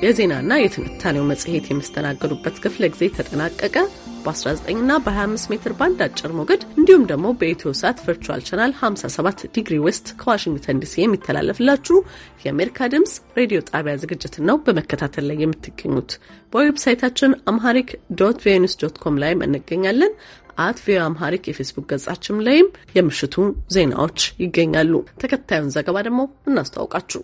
A: የዜናና የትንታኔው መጽሔት የሚስተናገዱበት ክፍለ ጊዜ ተጠናቀቀ። በ19ና በ25 ሜትር ባንድ አጭር ሞገድ እንዲሁም ደግሞ በኢትዮ ሳት ቨርቹዋል ቻናል 57 ዲግሪ ዌስት ከዋሽንግተን ዲሲ የሚተላለፍላችሁ የአሜሪካ ድምፅ ሬዲዮ ጣቢያ ዝግጅትን ነው በመከታተል ላይ የምትገኙት። በዌብሳይታችን አምሃሪክ ዶት ቪኦኤ ዶት ኮም ላይም እንገኛለን። አት ቪኦኤ አምሃሪክ የፌስቡክ ገጻችን ላይም የምሽቱ ዜናዎች ይገኛሉ። ተከታዩን ዘገባ ደግሞ እናስተዋውቃችሁ።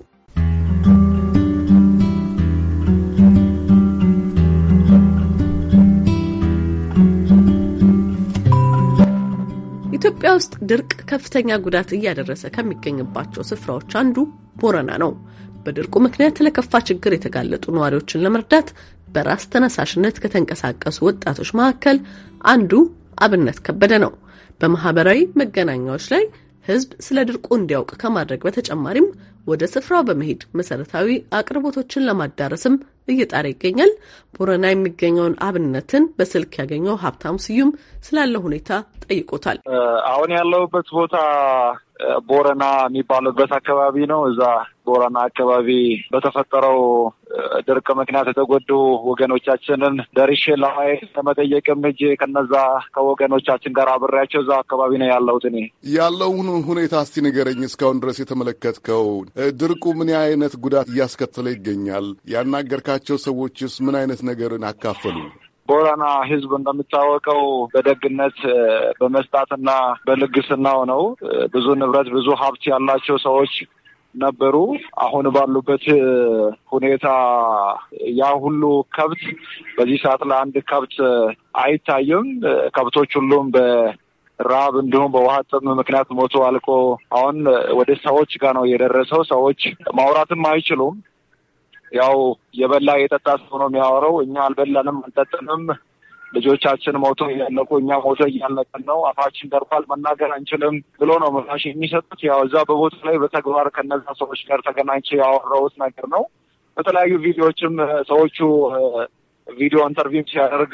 A: ኢትዮጵያ ውስጥ ድርቅ ከፍተኛ ጉዳት እያደረሰ ከሚገኝባቸው ስፍራዎች አንዱ ቦረና ነው። በድርቁ ምክንያት ለከፋ ችግር የተጋለጡ ነዋሪዎችን ለመርዳት በራስ ተነሳሽነት ከተንቀሳቀሱ ወጣቶች መካከል አንዱ አብነት ከበደ ነው። በማህበራዊ መገናኛዎች ላይ ህዝብ ስለ ድርቁ እንዲያውቅ ከማድረግ በተጨማሪም ወደ ስፍራው በመሄድ መሰረታዊ አቅርቦቶችን ለማዳረስም እየጣረ ይገኛል። ቦረና የሚገኘውን አብነትን በስልክ ያገኘው ሀብታሙ ስዩም ስላለው ሁኔታ ጠይቆታል።
H: አሁን ያለሁበት ቦታ ቦረና የሚባሉበት አካባቢ ነው። እዛ ቦረና አካባቢ በተፈጠረው ድርቅ ምክንያት የተጎዱ ወገኖቻችንን ደርሼ ለማየት ለመጠየቅም እጅ ከነዛ ከወገኖቻችን ጋር አብሬያቸው እዛ አካባቢ ነው ያለሁት። እኔ
I: ያለውን ሁኔታ እስቲ ንገረኝ። እስካሁን ድረስ የተመለከትከው ድርቁ ምን አይነት ጉዳት እያስከተለ ይገኛል? ያናገርካቸው ሰዎችስ ምን አይነት ነገርን አካፈሉ?
H: ቦረና ህዝብ እንደሚታወቀው በደግነት በመስጣትና በልግስናው ነው። ብዙ ንብረት ብዙ ሀብት ያላቸው ሰዎች ነበሩ። አሁን ባሉበት ሁኔታ ያ ሁሉ ከብት በዚህ ሰዓት ለአንድ ከብት አይታይም። ከብቶች ሁሉም በረሃብ እንዲሁም በውሃ ጥም ምክንያት ሞቶ አልቆ አሁን ወደ ሰዎች ጋር ነው የደረሰው። ሰዎች ማውራትም አይችሉም። ያው የበላ የጠጣ ሰው ነው የሚያወራው። እኛ አልበላንም አልጠጣንም ልጆቻችን ሞቶ እያለቁ እኛ ሞቶ እያለቅን ነው፣ አፋችን ደርቋል፣ መናገር አንችልም ብሎ ነው ምላሽ የሚሰጡት። ያው እዛ በቦታ ላይ በተግባር ከነዛ ሰዎች ጋር ተገናኝቼ ያወራሁት ነገር ነው። በተለያዩ ቪዲዮዎችም ሰዎቹ ቪዲዮ ኢንተርቪው ሲያደርግ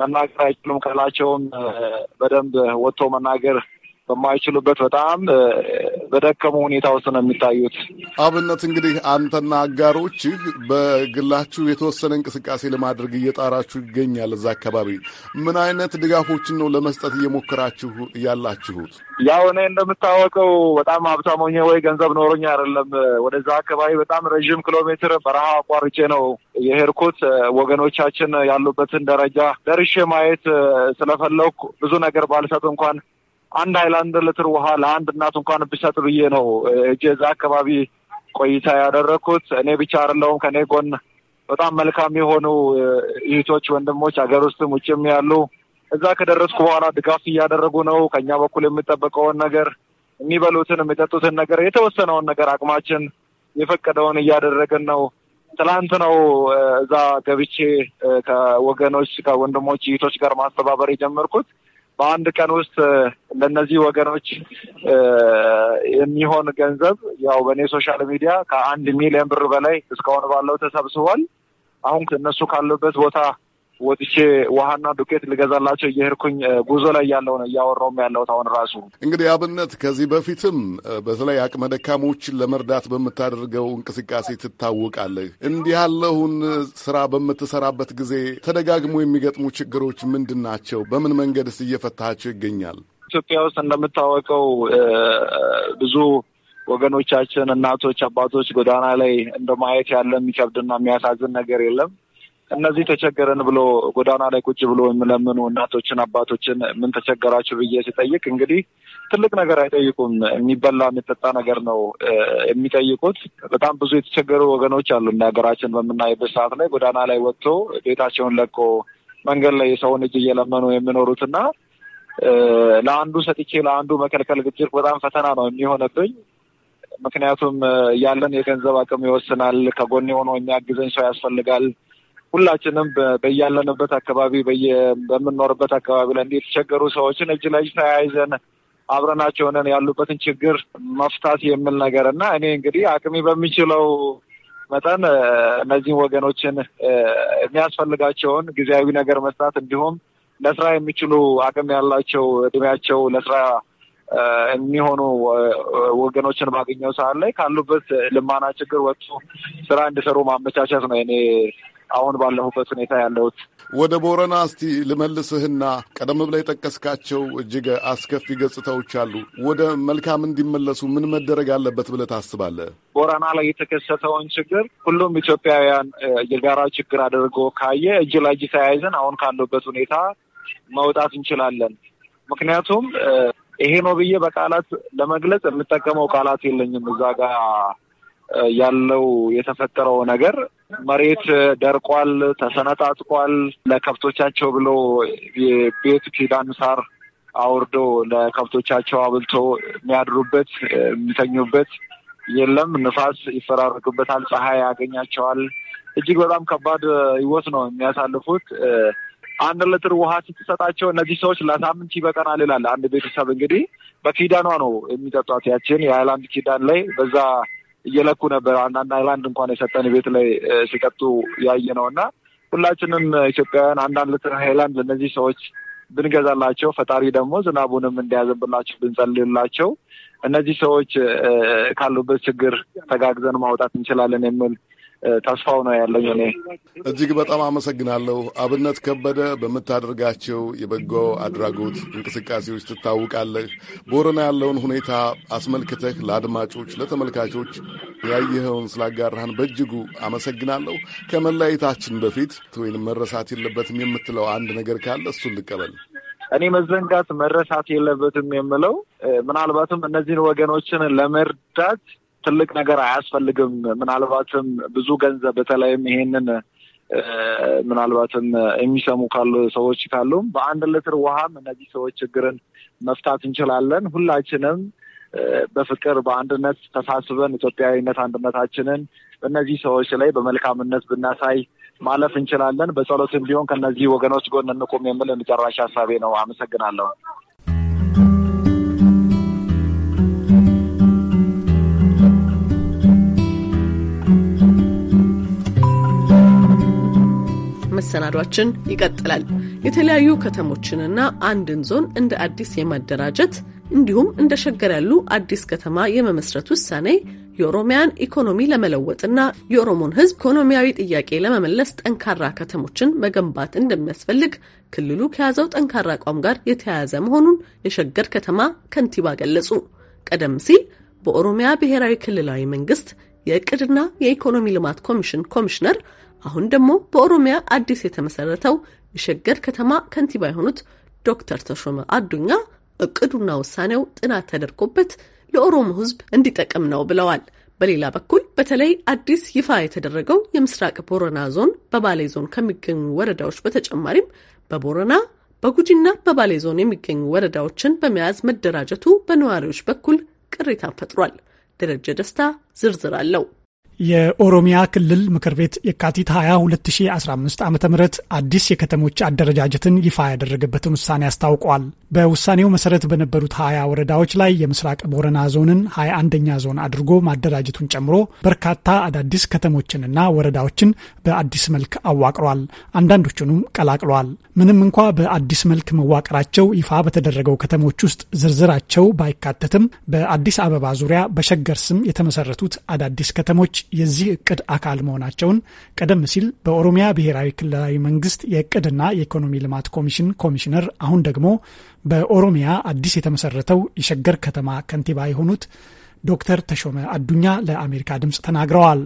H: መናገር አይችሉም ካላቸውን በደንብ ወጥቶ መናገር በማይችሉበት በጣም በደከሙ ሁኔታ ውስጥ ነው የሚታዩት።
I: አብነት እንግዲህ አንተና አጋሮች በግላችሁ የተወሰነ እንቅስቃሴ ለማድረግ እየጣራችሁ ይገኛል። እዛ አካባቢ ምን አይነት ድጋፎችን ነው ለመስጠት እየሞከራችሁ ያላችሁት?
H: ያው እኔ እንደምታወቀው በጣም ሀብታም ሆኜ ወይ ገንዘብ ኖሮኝ አይደለም ወደዛ አካባቢ በጣም ረዥም ኪሎ ሜትር በረሃ አቋርጬ ነው የሄድኩት። ወገኖቻችን ያሉበትን ደረጃ ደርሼ ማየት ስለፈለኩ ብዙ ነገር ባልሰጥ እንኳን አንድ ሃይላንድ ሊትር ውሃ ለአንድ እናት እንኳን ብሰጥ ብዬ ነው እዛ አካባቢ ቆይታ ያደረግኩት። እኔ ብቻ አይደለሁም ከእኔ ጎን በጣም መልካም የሆኑ እህቶች፣ ወንድሞች ሀገር ውስጥም ውጭም ያሉ እዛ ከደረስኩ በኋላ ድጋፍ እያደረጉ ነው። ከኛ በኩል የሚጠበቀውን ነገር የሚበሉትን፣ የሚጠጡትን ነገር የተወሰነውን ነገር አቅማችን የፈቀደውን እያደረግን ነው። ትላንት ነው እዛ ገብቼ ከወገኖች ከወንድሞች እህቶች ጋር ማስተባበር የጀመርኩት። በአንድ ቀን ውስጥ ለእነዚህ ወገኖች የሚሆን ገንዘብ ያው በእኔ ሶሻል ሚዲያ ከአንድ ሚሊዮን ብር በላይ እስካሁን ባለው ተሰብስቧል። አሁን እነሱ ካሉበት ቦታ ወጥቼ ውሃና ዱቄት ልገዛላቸው እየሄድኩኝ ጉዞ ላይ ያለውን እያወራውም ያለሁት አሁን ራሱ
I: እንግዲህ አብነት ከዚህ በፊትም በተለይ አቅመ ደካሞችን ለመርዳት በምታደርገው እንቅስቃሴ ትታወቃለህ። እንዲህ ያለውን ስራ በምትሰራበት ጊዜ ተደጋግሞ የሚገጥሙ ችግሮች ምንድን ናቸው? በምን መንገድስ እየፈታቸው ይገኛል?
H: ኢትዮጵያ ውስጥ እንደምታወቀው ብዙ ወገኖቻችን፣ እናቶች፣ አባቶች ጎዳና ላይ እንደማየት ያለ የሚከብድና የሚያሳዝን ነገር የለም። እነዚህ ተቸገረን ብሎ ጎዳና ላይ ቁጭ ብሎ የሚለምኑ እናቶችን፣ አባቶችን ምን ተቸገራችሁ ብዬ ሲጠይቅ እንግዲህ ትልቅ ነገር አይጠይቁም። የሚበላ የሚጠጣ ነገር ነው የሚጠይቁት። በጣም ብዙ የተቸገሩ ወገኖች አሉ። እንደ ሀገራችን በምናይበት ሰዓት ላይ ጎዳና ላይ ወጥቶ ቤታቸውን ለቆ መንገድ ላይ የሰውን እጅ እየለመኑ የሚኖሩትና ለአንዱ ሰጥቼ ለአንዱ መከልከል ግጭት በጣም ፈተና ነው የሚሆነብኝ። ምክንያቱም ያለን የገንዘብ አቅም ይወስናል። ከጎን የሆነው የሚያግዘኝ ሰው ያስፈልጋል። ሁላችንም በያለንበት አካባቢ በምንኖርበት አካባቢ ላይ የተቸገሩ ሰዎችን እጅ ለእጅ ተያይዘን አብረናቸው ሆነን ያሉበትን ችግር መፍታት የሚል ነገር እና እኔ እንግዲህ አቅሜ በሚችለው መጠን እነዚህን ወገኖችን የሚያስፈልጋቸውን ጊዜያዊ ነገር መስጣት እንዲሁም ለስራ የሚችሉ አቅም ያላቸው እድሜያቸው ለስራ የሚሆኑ ወገኖችን ባገኘው ሰዓት ላይ ካሉበት ልማና ችግር ወጥቶ ስራ እንዲሰሩ ማመቻቸት ነው እኔ አሁን ባለሁበት ሁኔታ
I: ያለሁት። ወደ ቦረና እስቲ ልመልስህና ቀደም ብላ የጠቀስካቸው እጅግ አስከፊ ገጽታዎች አሉ። ወደ መልካም እንዲመለሱ ምን መደረግ አለበት ብለህ ታስባለህ?
H: ቦረና ላይ የተከሰተውን ችግር ሁሉም ኢትዮጵያውያን የጋራ ችግር አድርጎ ካየ እጅ ለእጅ ተያይዘን አሁን ካለበት ሁኔታ መውጣት እንችላለን። ምክንያቱም ይሄ ነው ብዬ በቃላት ለመግለጽ የምጠቀመው ቃላት የለኝም እዛ ጋር ያለው የተፈጠረው ነገር መሬት ደርቋል፣ ተሰነጣጥቋል። ለከብቶቻቸው ብሎ የቤት ኪዳን ሳር አውርዶ ለከብቶቻቸው አብልቶ የሚያድሩበት የሚተኙበት የለም። ንፋስ ይፈራረቅበታል፣ ፀሐይ ያገኛቸዋል። እጅግ በጣም ከባድ ህይወት ነው የሚያሳልፉት። አንድ ሊትር ውሃ ስትሰጣቸው እነዚህ ሰዎች ለሳምንት ይበቀናል ይላል አንድ ቤተሰብ። እንግዲህ በኪዳኗ ነው የሚጠጧት ያችን የሀይላንድ ኪዳን ላይ በዛ እየለኩ ነበር። አንዳንድ አይላንድ እንኳን የሰጠን ቤት ላይ ሲቀጡ ያየ ነው እና ሁላችንም ኢትዮጵያውያን አንዳንድ ልትር ሃይላንድ ለእነዚህ ሰዎች ብንገዛላቸው ፈጣሪ ደግሞ ዝናቡንም እንዲያዘብላቸው ብንጸልላቸው እነዚህ ሰዎች ካሉበት ችግር
I: ተጋግዘን ማውጣት እንችላለን የሚል ተስፋው ነው ያለኝ። እኔ እጅግ በጣም አመሰግናለሁ። አብነት ከበደ፣ በምታደርጋቸው የበጎ አድራጎት እንቅስቃሴዎች ትታወቃለህ። ቦረና ያለውን ሁኔታ አስመልክተህ ለአድማጮች ለተመልካቾች ያየኸውን ስላጋራህን በእጅጉ አመሰግናለሁ። ከመለያየታችን በፊት ወይም መረሳት የለበትም የምትለው አንድ ነገር ካለ እሱን ልቀበል። እኔ መዘንጋት መረሳት
H: የለበትም የምለው ምናልባትም እነዚህን ወገኖችን ለመርዳት ትልቅ ነገር አያስፈልግም። ምናልባትም ብዙ ገንዘብ በተለይም ይሄንን ምናልባትም የሚሰሙ ካሉ ሰዎች ካሉ በአንድ ሊትር ውሃም እነዚህ ሰዎች ችግርን መፍታት እንችላለን። ሁላችንም በፍቅር በአንድነት ተሳስበን ኢትዮጵያዊነት አንድነታችንን በእነዚህ ሰዎች ላይ በመልካምነት ብናሳይ ማለፍ እንችላለን። በጸሎትም ቢሆን ከእነዚህ ወገኖች ጎን እንቁም የሚል የመጨረሻ ሀሳቤ ነው። አመሰግናለሁ።
A: መሰናዷችን ይቀጥላል። የተለያዩ ከተሞችንና አንድን ዞን እንደ አዲስ የማደራጀት እንዲሁም እንደ ሸገር ያሉ አዲስ ከተማ የመመስረት ውሳኔ የኦሮሚያን ኢኮኖሚ ለመለወጥና የኦሮሞን ሕዝብ ኢኮኖሚያዊ ጥያቄ ለመመለስ ጠንካራ ከተሞችን መገንባት እንደሚያስፈልግ ክልሉ ከያዘው ጠንካራ አቋም ጋር የተያያዘ መሆኑን የሸገር ከተማ ከንቲባ ገለጹ። ቀደም ሲል በኦሮሚያ ብሔራዊ ክልላዊ መንግስት የእቅድና የኢኮኖሚ ልማት ኮሚሽን ኮሚሽነር አሁን ደግሞ በኦሮሚያ አዲስ የተመሰረተው የሸገር ከተማ ከንቲባ የሆኑት ዶክተር ተሾመ አዱኛ እቅዱና ውሳኔው ጥናት ተደርጎበት ለኦሮሞ ሕዝብ እንዲጠቅም ነው ብለዋል። በሌላ በኩል በተለይ አዲስ ይፋ የተደረገው የምስራቅ ቦረና ዞን በባሌ ዞን ከሚገኙ ወረዳዎች በተጨማሪም በቦረና በጉጂና በባሌ ዞን የሚገኙ ወረዳዎችን በመያዝ መደራጀቱ በነዋሪዎች በኩል ቅሬታን ፈጥሯል። ደረጀ ደስታ ዝርዝር አለው።
D: የኦሮሚያ ክልል ምክር ቤት የካቲት 20 2015 ዓ ም አዲስ የከተሞች አደረጃጀትን ይፋ ያደረገበትን ውሳኔ አስታውቋል። በውሳኔው መሰረት በነበሩት ሀያ ወረዳዎች ላይ የምስራቅ ቦረና ዞንን ሀያ አንደኛ ዞን አድርጎ ማደራጀቱን ጨምሮ በርካታ አዳዲስ ከተሞችንና ወረዳዎችን በአዲስ መልክ አዋቅሯል። አንዳንዶቹንም ቀላቅሏል። ምንም እንኳ በአዲስ መልክ መዋቅራቸው ይፋ በተደረገው ከተሞች ውስጥ ዝርዝራቸው ባይካተትም በአዲስ አበባ ዙሪያ በሸገር ስም የተመሰረቱት አዳዲስ ከተሞች የዚህ እቅድ አካል መሆናቸውን ቀደም ሲል በኦሮሚያ ብሔራዊ ክልላዊ መንግስት የእቅድና የኢኮኖሚ ልማት ኮሚሽን ኮሚሽነር አሁን ደግሞ በኦሮሚያ አዲስ የተመሰረተው የሸገር ከተማ ከንቲባ የሆኑት ዶክተር ተሾመ አዱኛ ለአሜሪካ ድምፅ ተናግረዋል።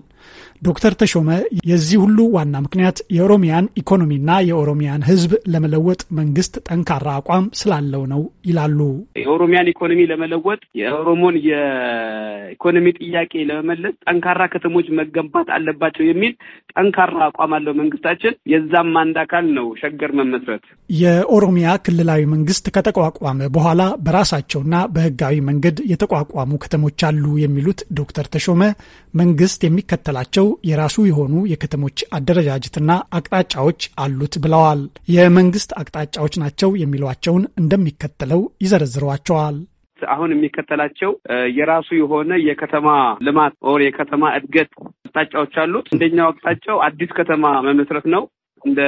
D: ዶክተር ተሾመ የዚህ ሁሉ ዋና ምክንያት የኦሮሚያን ኢኮኖሚና የኦሮሚያን ሕዝብ ለመለወጥ መንግስት ጠንካራ አቋም ስላለው ነው ይላሉ።
J: የኦሮሚያን ኢኮኖሚ ለመለወጥ የኦሮሞን የኢኮኖሚ ጥያቄ ለመመለስ ጠንካራ ከተሞች መገንባት አለባቸው የሚል ጠንካራ አቋም አለው መንግስታችን። የዛም አንድ አካል ነው ሸገር መመስረት።
D: የኦሮሚያ ክልላዊ መንግስት ከተቋቋመ በኋላ በራሳቸውና በህጋዊ መንገድ የተቋቋሙ ከተሞች አሉ የሚሉት ዶክተር ተሾመ መንግስት የሚከተላቸው የራሱ የሆኑ የከተሞች አደረጃጀትና አቅጣጫዎች አሉት ብለዋል። የመንግስት አቅጣጫዎች ናቸው የሚሏቸውን እንደሚከተለው ይዘረዝሯቸዋል።
J: አሁን የሚከተላቸው የራሱ የሆነ የከተማ ልማት ኦር የከተማ እድገት አቅጣጫዎች አሉት። አንደኛው አቅጣጫው አዲስ ከተማ መመስረት ነው። እንደ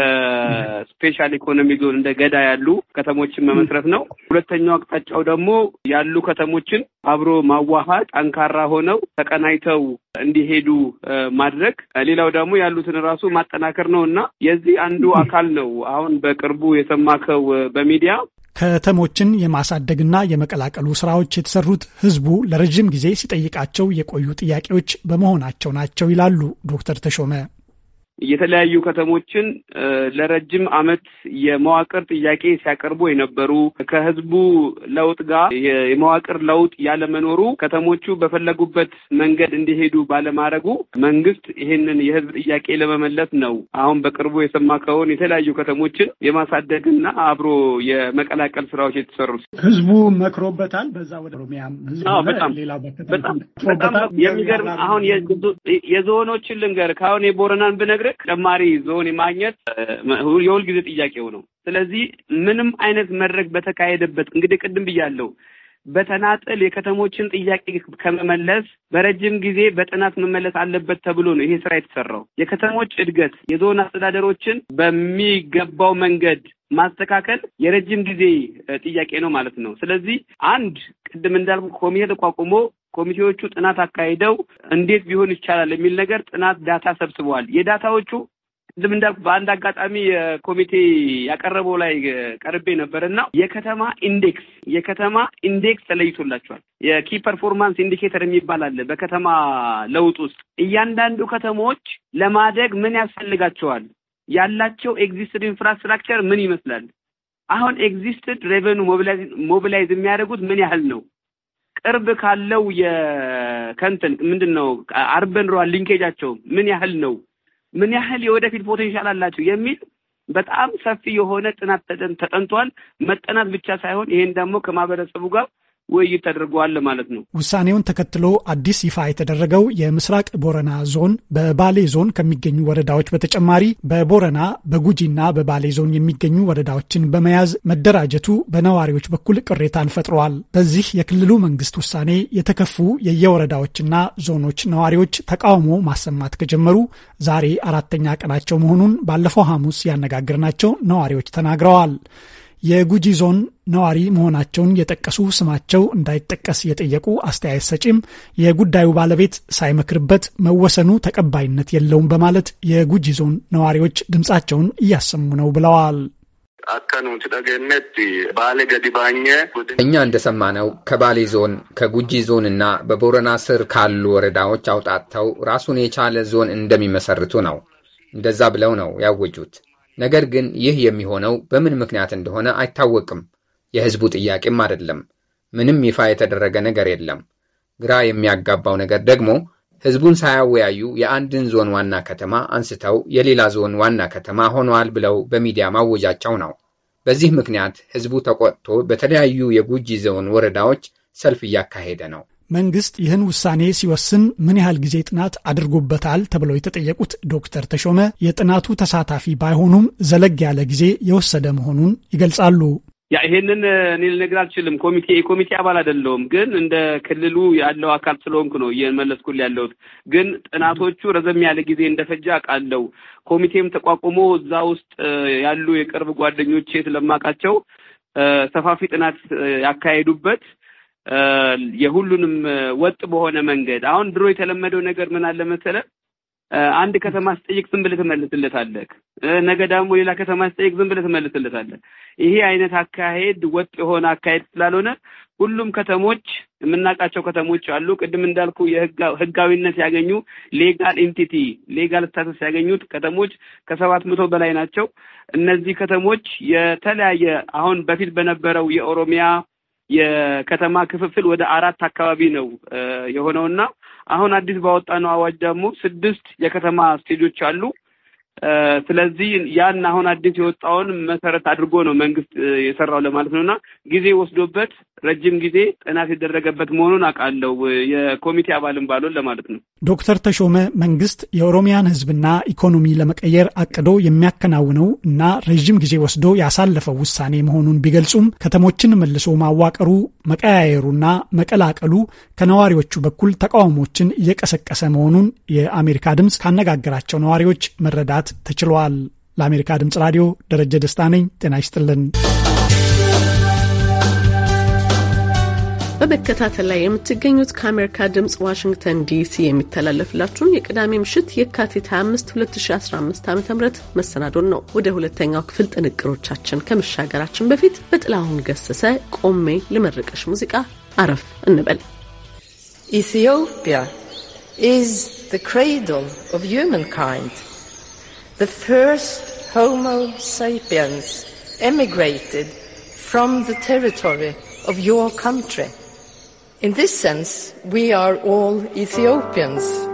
J: ስፔሻል ኢኮኖሚ ዞን እንደ ገዳ ያሉ ከተሞችን መመስረት ነው። ሁለተኛው አቅጣጫው ደግሞ ያሉ ከተሞችን አብሮ ማዋሃድ፣ ጠንካራ ሆነው ተቀናይተው እንዲሄዱ ማድረግ። ሌላው ደግሞ ያሉትን ራሱ ማጠናከር ነው እና የዚህ አንዱ አካል ነው አሁን በቅርቡ የሰማከው በሚዲያ
D: ከተሞችን የማሳደግና የመቀላቀሉ ስራዎች የተሰሩት ህዝቡ ለረዥም ጊዜ ሲጠይቃቸው የቆዩ ጥያቄዎች በመሆናቸው ናቸው ይላሉ ዶክተር ተሾመ።
J: የተለያዩ ከተሞችን ለረጅም ዓመት የመዋቅር ጥያቄ ሲያቀርቡ የነበሩ ከህዝቡ ለውጥ ጋር የመዋቅር ለውጥ ያለመኖሩ ከተሞቹ በፈለጉበት መንገድ እንዲሄዱ ባለማድረጉ መንግስት ይሄንን የህዝብ ጥያቄ ለመመለስ ነው አሁን በቅርቡ የሰማከውን የተለያዩ ከተሞችን የማሳደግና አብሮ የመቀላቀል ስራዎች የተሰሩ
D: ህዝቡ መክሮበታል። በዛ ወደ ኦሮሚያም
J: በጣም በጣም የሚገርም አሁን የዞኖችን ልንገር ከአሁን የቦረናን ብነግር በማድረግ ተጨማሪ ዞን የማግኘት የሁልጊዜ ጥያቄው ነው። ስለዚህ ምንም አይነት መድረክ በተካሄደበት እንግዲህ ቅድም ብያለው በተናጠል የከተሞችን ጥያቄ ከመመለስ በረጅም ጊዜ በጥናት መመለስ አለበት ተብሎ ነው ይሄ ስራ የተሰራው። የከተሞች እድገት የዞን አስተዳደሮችን በሚገባው መንገድ ማስተካከል የረጅም ጊዜ ጥያቄ ነው ማለት ነው። ስለዚህ አንድ ቅድም እንዳልኩ ኮሚቴ ተቋቁሞ ኮሚቴዎቹ ጥናት አካሂደው እንዴት ቢሆን ይቻላል የሚል ነገር ጥናት ዳታ ሰብስበዋል። የዳታዎቹ ቅድም እንዳልኩ በአንድ አጋጣሚ የኮሚቴ ያቀረበው ላይ ቀርቤ ነበር እና የከተማ ኢንዴክስ የከተማ ኢንዴክስ ተለይቶላቸዋል። የኪ ፐርፎርማንስ ኢንዲኬተር የሚባል አለ። በከተማ ለውጥ ውስጥ እያንዳንዱ ከተሞች ለማደግ ምን ያስፈልጋቸዋል፣ ያላቸው ኤግዚስትድ ኢንፍራስትራክቸር ምን ይመስላል፣ አሁን ኤግዚስትድ ሬቨኑ ሞቢላይዝ የሚያደርጉት ምን ያህል ነው ቅርብ ካለው የከንትን ምንድን ነው አርበን ሊንኬጃቸው ምን ያህል ነው፣ ምን ያህል የወደፊት ፖቴንሻል አላቸው የሚል በጣም ሰፊ የሆነ ጥናት ተጠንቷል። መጠናት ብቻ ሳይሆን ይሄን ደግሞ ከማህበረሰቡ ጋር ውይይት ተደርገዋል ማለት ነው።
D: ውሳኔውን ተከትሎ አዲስ ይፋ የተደረገው የምስራቅ ቦረና ዞን በባሌ ዞን ከሚገኙ ወረዳዎች በተጨማሪ በቦረና በጉጂና በባሌ ዞን የሚገኙ ወረዳዎችን በመያዝ መደራጀቱ በነዋሪዎች በኩል ቅሬታን ፈጥረዋል። በዚህ የክልሉ መንግስት ውሳኔ የተከፉ የየወረዳዎችና ዞኖች ነዋሪዎች ተቃውሞ ማሰማት ከጀመሩ ዛሬ አራተኛ ቀናቸው መሆኑን ባለፈው ሐሙስ ናቸው ነዋሪዎች ተናግረዋል። የጉጂ ዞን ነዋሪ መሆናቸውን የጠቀሱ ስማቸው እንዳይጠቀስ የጠየቁ አስተያየት ሰጪም የጉዳዩ ባለቤት ሳይመክርበት መወሰኑ ተቀባይነት የለውም በማለት የጉጂ ዞን ነዋሪዎች ድምፃቸውን እያሰሙ ነው ብለዋል።
K: እኛ እንደሰማነው ከባሌ ዞን ከጉጂ ዞን እና በቦረና ስር ካሉ ወረዳዎች አውጣጥተው ራሱን የቻለ ዞን እንደሚመሰርቱ ነው። እንደዛ ብለው ነው ያወጁት። ነገር ግን ይህ የሚሆነው በምን ምክንያት እንደሆነ አይታወቅም። የህዝቡ ጥያቄም አይደለም። ምንም ይፋ የተደረገ ነገር የለም። ግራ የሚያጋባው ነገር ደግሞ ህዝቡን ሳያወያዩ የአንድን ዞን ዋና ከተማ አንስተው የሌላ ዞን ዋና ከተማ ሆኗል ብለው በሚዲያ ማወጃቸው ነው። በዚህ ምክንያት ህዝቡ ተቆጥቶ በተለያዩ የጉጂ ዞን ወረዳዎች ሰልፍ እያካሄደ ነው።
D: መንግስት ይህን ውሳኔ ሲወስን ምን ያህል ጊዜ ጥናት አድርጎበታል ተብለው የተጠየቁት ዶክተር ተሾመ የጥናቱ ተሳታፊ ባይሆኑም ዘለግ ያለ ጊዜ የወሰደ መሆኑን ይገልጻሉ።
J: ያ ይሄንን እኔ ልነግር አልችልም። ኮሚቴ የኮሚቴ አባል አይደለሁም፣ ግን እንደ ክልሉ ያለው አካል ስለሆንኩ ነው እየመለስኩል ያለሁት። ግን ጥናቶቹ ረዘም ያለ ጊዜ እንደፈጀ አውቃለሁ። ኮሚቴም ተቋቁሞ እዛ ውስጥ ያሉ የቅርብ ጓደኞቼ ስለማውቃቸው ሰፋፊ ጥናት ያካሄዱበት የሁሉንም ወጥ በሆነ መንገድ አሁን ድሮ የተለመደው ነገር ምን አለ መሰለ አንድ ከተማ ስጠይቅ ዝም ብለህ ትመልስለታለህ። ነገ ደግሞ ሌላ ከተማ ስጠይቅ ዝም ብለህ ትመልስለታለህ። ይሄ አይነት አካሄድ ወጥ የሆነ አካሄድ ስላልሆነ ሁሉም ከተሞች የምናውቃቸው ከተሞች አሉ። ቅድም እንዳልኩ የህጋዊነት ያገኙ ሌጋል ኢንቲቲ ሌጋል ስታተስ ያገኙት ከተሞች ከሰባት መቶ በላይ ናቸው። እነዚህ ከተሞች የተለያየ አሁን በፊት በነበረው የኦሮሚያ የከተማ ክፍፍል ወደ አራት አካባቢ ነው የሆነውና አሁን አዲስ ባወጣነው አዋጅ ደግሞ ስድስት የከተማ ስቴጆች አሉ። ስለዚህ ያን አሁን አዲስ የወጣውን መሰረት አድርጎ ነው መንግስት የሰራው ለማለት ነው እና ጊዜ ወስዶበት ረጅም ጊዜ ጥናት የደረገበት መሆኑን አውቃለሁ። የኮሚቴ አባልን ባልሆን ለማለት ነው።
D: ዶክተር ተሾመ መንግስት የኦሮሚያን ህዝብና ኢኮኖሚ ለመቀየር አቅዶ የሚያከናውነው እና ረዥም ጊዜ ወስዶ ያሳለፈው ውሳኔ መሆኑን ቢገልጹም ከተሞችን መልሶ ማዋቀሩ መቀያየሩና መቀላቀሉ ከነዋሪዎቹ በኩል ተቃውሞችን እየቀሰቀሰ መሆኑን የአሜሪካ ድምፅ ካነጋገራቸው ነዋሪዎች መረዳት ተችሏል። ለአሜሪካ ድምፅ ራዲዮ ደረጀ ደስታ ነኝ። ጤና ይስጥልን።
A: በመከታተል ላይ የምትገኙት ከአሜሪካ ድምፅ ዋሽንግተን ዲሲ የሚተላለፍላችሁን የቅዳሜ ምሽት የካቲት 25 2015 ዓ ም መሰናዶን ነው። ወደ ሁለተኛው ክፍል ጥንቅሮቻችን ከመሻገራችን በፊት በጥላሁን ገሰሰ ቆሜ ልመርቀሽ ሙዚቃ አረፍ እንበል። ኢትዮጵያ ኢዝ the cradle of humankind. The first Homo sapiens emigrated from the territory of your country. In this sense, we are all Ethiopians.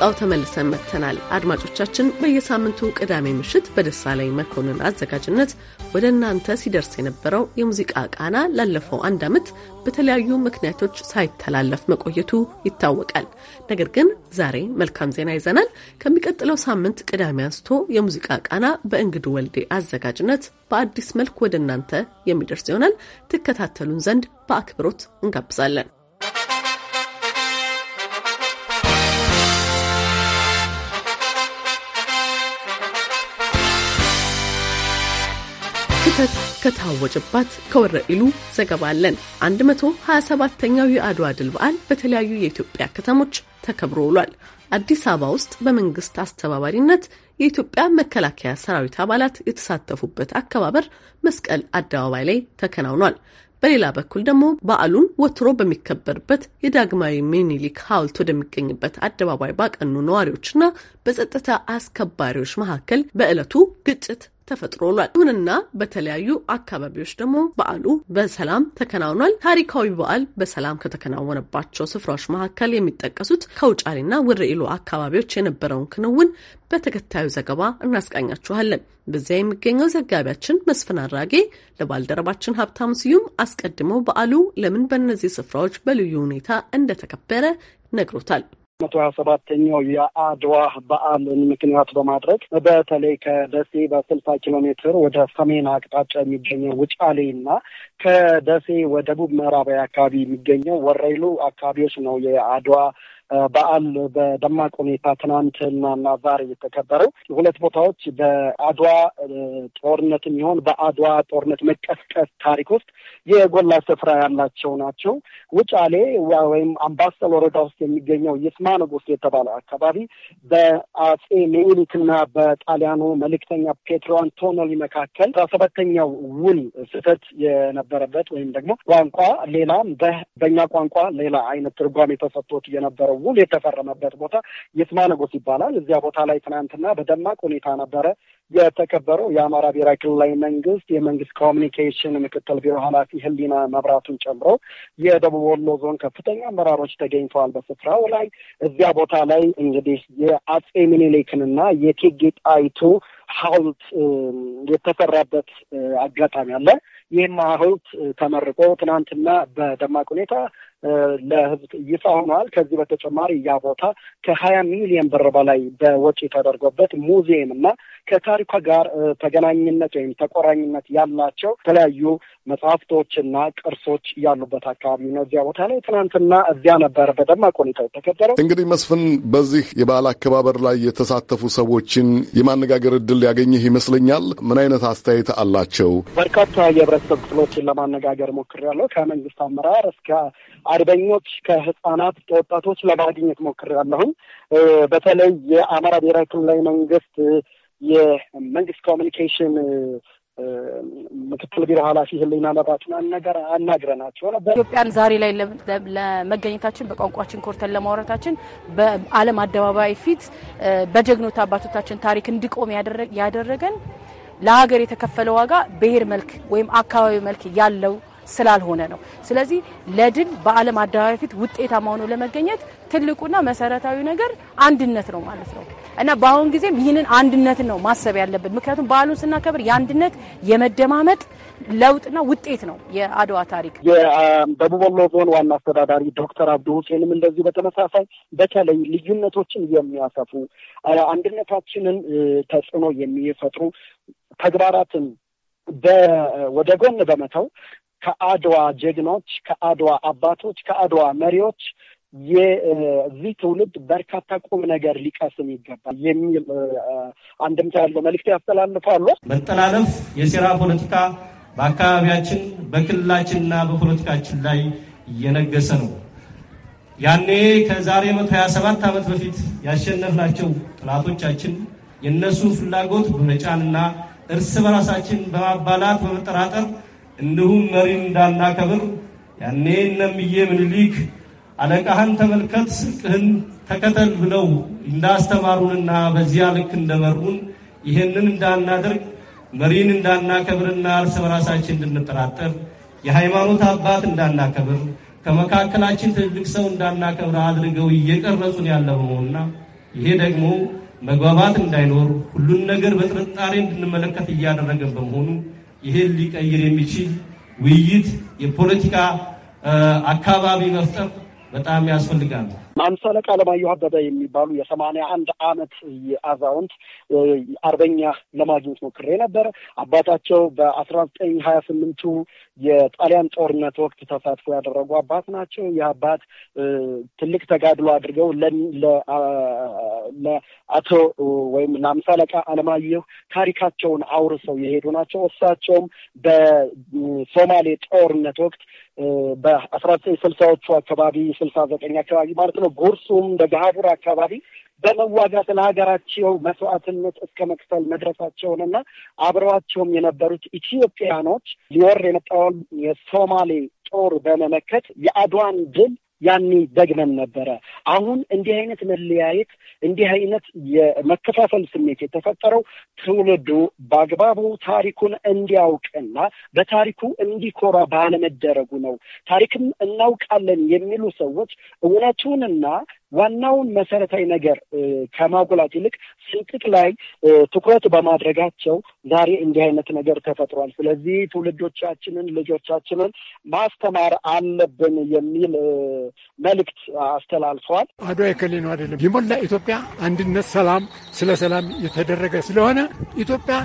A: ሙዚቃው ተመልሰን መጥተናል። አድማጮቻችን፣ በየሳምንቱ ቅዳሜ ምሽት ላይ መኮንን አዘጋጅነት ወደ እናንተ ሲደርስ የነበረው የሙዚቃ ቃና ላለፈው አንድ ዓመት በተለያዩ ምክንያቶች ሳይተላለፍ መቆየቱ ይታወቃል። ነገር ግን ዛሬ መልካም ዜና ይዘናል። ከሚቀጥለው ሳምንት ቅዳሜ አንስቶ የሙዚቃ ቃና በእንግዱ ወልዴ አዘጋጅነት በአዲስ መልክ ወደ እናንተ የሚደርስ ይሆናል። ትከታተሉን ዘንድ በአክብሮት እንጋብዛለን። ውድቀት ከታወጀባት ከወረኢሉ ዘገባለን ዘገባ 127 127ኛው የአድዋ ድል በዓል በተለያዩ የኢትዮጵያ ከተሞች ተከብሮ ውሏል። አዲስ አበባ ውስጥ በመንግስት አስተባባሪነት የኢትዮጵያ መከላከያ ሰራዊት አባላት የተሳተፉበት አከባበር መስቀል አደባባይ ላይ ተከናውኗል። በሌላ በኩል ደግሞ በዓሉን ወትሮ በሚከበርበት የዳግማዊ ሚኒሊክ ሐውልት ወደሚገኝበት አደባባይ ባቀኑ ነዋሪዎችና በጸጥታ አስከባሪዎች መካከል በዕለቱ ግጭት ተፈጥሮ ይሁንና በተለያዩ አካባቢዎች ደግሞ በዓሉ በሰላም ተከናውኗል። ታሪካዊ በዓል በሰላም ከተከናወነባቸው ስፍራዎች መካከል የሚጠቀሱት ከውጫሌና ወረኢሉ አካባቢዎች የነበረውን ክንውን በተከታዩ ዘገባ እናስቃኛችኋለን። በዚያ የሚገኘው ዘጋቢያችን መስፍን አራጌ ለባልደረባችን ሀብታም ስዩም አስቀድሞ በዓሉ ለምን በእነዚህ ስፍራዎች በልዩ ሁኔታ እንደተከበረ ነግሮታል። መቶ ሀያ ሰባተኛው የአድዋ በዓልን
L: ምክንያት በማድረግ በተለይ ከደሴ በስልሳ ኪሎ ሜትር ወደ ሰሜን አቅጣጫ የሚገኘው ውጫሌ እና ከደሴ ወደ ደቡብ ምዕራባዊ አካባቢ የሚገኘው ወረይሉ አካባቢዎች ነው የአድዋ በዓል በደማቅ ሁኔታ ትናንትናና ዛሬ የተከበረው ሁለት ቦታዎች በአድዋ ጦርነት የሚሆን በአድዋ ጦርነት መቀስቀስ ታሪክ ውስጥ የጎላ ስፍራ ያላቸው ናቸው። ውጫሌ ወይም አምባሰል ወረዳ ውስጥ የሚገኘው ይስማ ንጉስ የተባለ አካባቢ በአጼ ምኒልክ በጣሊያኑ መልእክተኛ ፔትሮ አንቶኖሊ መካከል አስራ ሰባተኛው ውል ስህተት የነበረበት ወይም ደግሞ ቋንቋ ሌላም በእኛ ቋንቋ ሌላ አይነት ትርጓሜ ተሰጥቶት የነበረው ውል የተፈረመበት ቦታ ይስማ ይባላል። እዚያ ቦታ ላይ ትናንትና በደማቅ ሁኔታ ነበረ የተከበረው። የአማራ ብሔራዊ ክልላዊ መንግስት የመንግስት ኮሚኒኬሽን ምክትል ቢሮ ኃላፊ ህሊና መብራቱን ጨምሮ የደቡብ ወሎ ዞን ከፍተኛ አመራሮች ተገኝተዋል በስፍራው ላይ። እዚያ ቦታ ላይ እንግዲህ የአጼ ምኒልክንና የእቴጌ ጣይቱ ሐውልት የተሰራበት አጋጣሚ አለ። ይህም ሀውልት ተመርቆ ትናንትና በደማቅ ሁኔታ ለህዝብ ይፋ ሆኗል። ከዚህ በተጨማሪ ያ ቦታ ከሀያ ሚሊዮን ብር በላይ በወጪ ተደርጎበት ሙዚየም እና ከታሪኳ ጋር ተገናኝነት ወይም ተቆራኝነት ያላቸው የተለያዩ መጽሐፍቶችና ቅርሶች ያሉበት አካባቢ ነው። እዚያ ቦታ ላይ ትናንትና እዚያ ነበር በደማቅ ሁኔታ የተከበረው።
I: እንግዲህ መስፍን፣ በዚህ የበዓል አከባበር ላይ የተሳተፉ ሰዎችን የማነጋገር እድል ያገኘህ ይመስለኛል። ምን አይነት አስተያየት አላቸው?
L: በርካታ የብረ የህብረተሰብ ክፍሎችን ለማነጋገር ሞክሬያለሁ። ከመንግስት አመራር እስከ አርበኞች፣ ከህጻናት፣ ከወጣቶች ለማግኘት ሞክሬያለሁኝ። በተለይ የአማራ ብሔራዊ ክልላዊ መንግስት የመንግስት ኮሚኒኬሽን ምክትል ቢሮ ኃላፊ ህልና ለባችን አነገር አናግረናቸው ኢትዮጵያን
E: ዛሬ ላይ ለመገኘታችን በቋንቋችን ኮርተን ለማውራታችን በዓለም አደባባይ ፊት በጀግኖት አባቶቻችን ታሪክ እንዲቆም ያደረገን ለሀገር የተከፈለ ዋጋ ብሔር መልክ ወይም አካባቢ መልክ ያለው ስላልሆነ ነው። ስለዚህ ለድል በዓለም አደባባይ ፊት ውጤታማ ሆኖ ለመገኘት ትልቁና መሰረታዊ ነገር አንድነት ነው ማለት ነው እና በአሁን ጊዜም ይህንን አንድነትን ነው ማሰብ ያለብን። ምክንያቱም በዓሉን ስናከብር የአንድነት የመደማመጥ ለውጥና ውጤት ነው የአድዋ ታሪክ።
L: የደቡብ ወሎ ዞን ዋና አስተዳዳሪ ዶክተር አብዱ ሁሴንም እንደዚህ በተመሳሳይ በተለይ ልዩነቶችን የሚያሰፉ አንድነታችንን ተጽዕኖ የሚፈጥሩ ተግባራትን ወደ ጎን በመተው ከአድዋ ጀግኖች፣ ከአድዋ አባቶች፣ ከአድዋ መሪዎች የዚህ ትውልድ በርካታ ቁም ነገር ሊቀስም ይገባል የሚል አንድምታ ያለው መልእክት ያስተላልፋሉ።
H: መጠላለፍ የሴራ ፖለቲካ በአካባቢያችን በክልላችንና በፖለቲካችን ላይ እየነገሰ ነው። ያኔ ከዛሬ 127 ዓመት በፊት ያሸነፍናቸው ጥላቶቻችን የእነሱን ፍላጎት በመጫንና እርስ በራሳችን በማባላት በመጠራጠር እንዲሁም መሪን እንዳናከብር ያኔ እነምዬ ምኒልክ አለቃህን ተመልከት ስልቅህን ተከተል ብለው እንዳስተማሩንና በዚያ ልክ እንደመሩን ይህንን እንዳናደርግ መሪን እንዳናከብርና እርስ በራሳችን እንድንጠራጠር፣ የሃይማኖት አባት እንዳናከብር፣ ከመካከላችን ትልቅ ሰው እንዳናከብር አድርገው እየቀረጹን ያለ በመሆኑና ይሄ ደግሞ መግባባት እንዳይኖር ሁሉን ነገር በጥርጣሬ እንድንመለከት እያደረገን በመሆኑ ይሄን ሊቀይር የሚችል ውይይት የፖለቲካ አካባቢ መፍጠር በጣም ያስፈልጋሉ።
L: አምሳ አለቃ አለማየሁ አበበ የሚባሉ የሰማንያ አንድ አመት አዛውንት አርበኛ ለማግኘት ሞክሬ ነበር። አባታቸው በአስራ ዘጠኝ ሀያ ስምንቱ የጣሊያን ጦርነት ወቅት ተሳትፎ ያደረጉ አባት ናቸው። ይህ አባት ትልቅ ተጋድሎ አድርገው ለአቶ ወይም ለአምሳ አለቃ አለማየሁ ታሪካቸውን አውርሰው የሄዱ ናቸው። እሳቸውም በሶማሌ ጦርነት ወቅት በአስራ ዘጠኝ ስልሳዎቹ አካባቢ ስልሳ ዘጠኝ አካባቢ ማለት ነው ጎርሱም ደገሀቡር አካባቢ በመዋጋት ለሀገራቸው መስዋዕትነት እስከ መክፈል መድረሳቸውንና አብረዋቸውም የነበሩት ኢትዮጵያኖች ሊወር የመጣውን የሶማሌ ጦር በመመከት የአድዋን ድል ያኔ ደግመን ነበረ። አሁን እንዲህ አይነት መለያየት፣ እንዲህ አይነት የመከፋፈል ስሜት የተፈጠረው ትውልዱ በአግባቡ ታሪኩን እንዲያውቅና በታሪኩ እንዲኮራ ባለመደረጉ ነው። ታሪክም እናውቃለን የሚሉ ሰዎች እውነቱንና ዋናውን መሰረታዊ ነገር ከማጉላት ይልቅ ስንጥቅ ላይ ትኩረት በማድረጋቸው ዛሬ እንዲህ አይነት ነገር ተፈጥሯል። ስለዚህ ትውልዶቻችንን ልጆቻችንን ማስተማር አለብን የሚል
D: መልእክት አስተላልፈዋል። አድዋ የከሌ ነው አይደለም፣ የሞላ ኢትዮጵያ አንድነት፣ ሰላም ስለ ሰላም የተደረገ ስለሆነ ኢትዮጵያ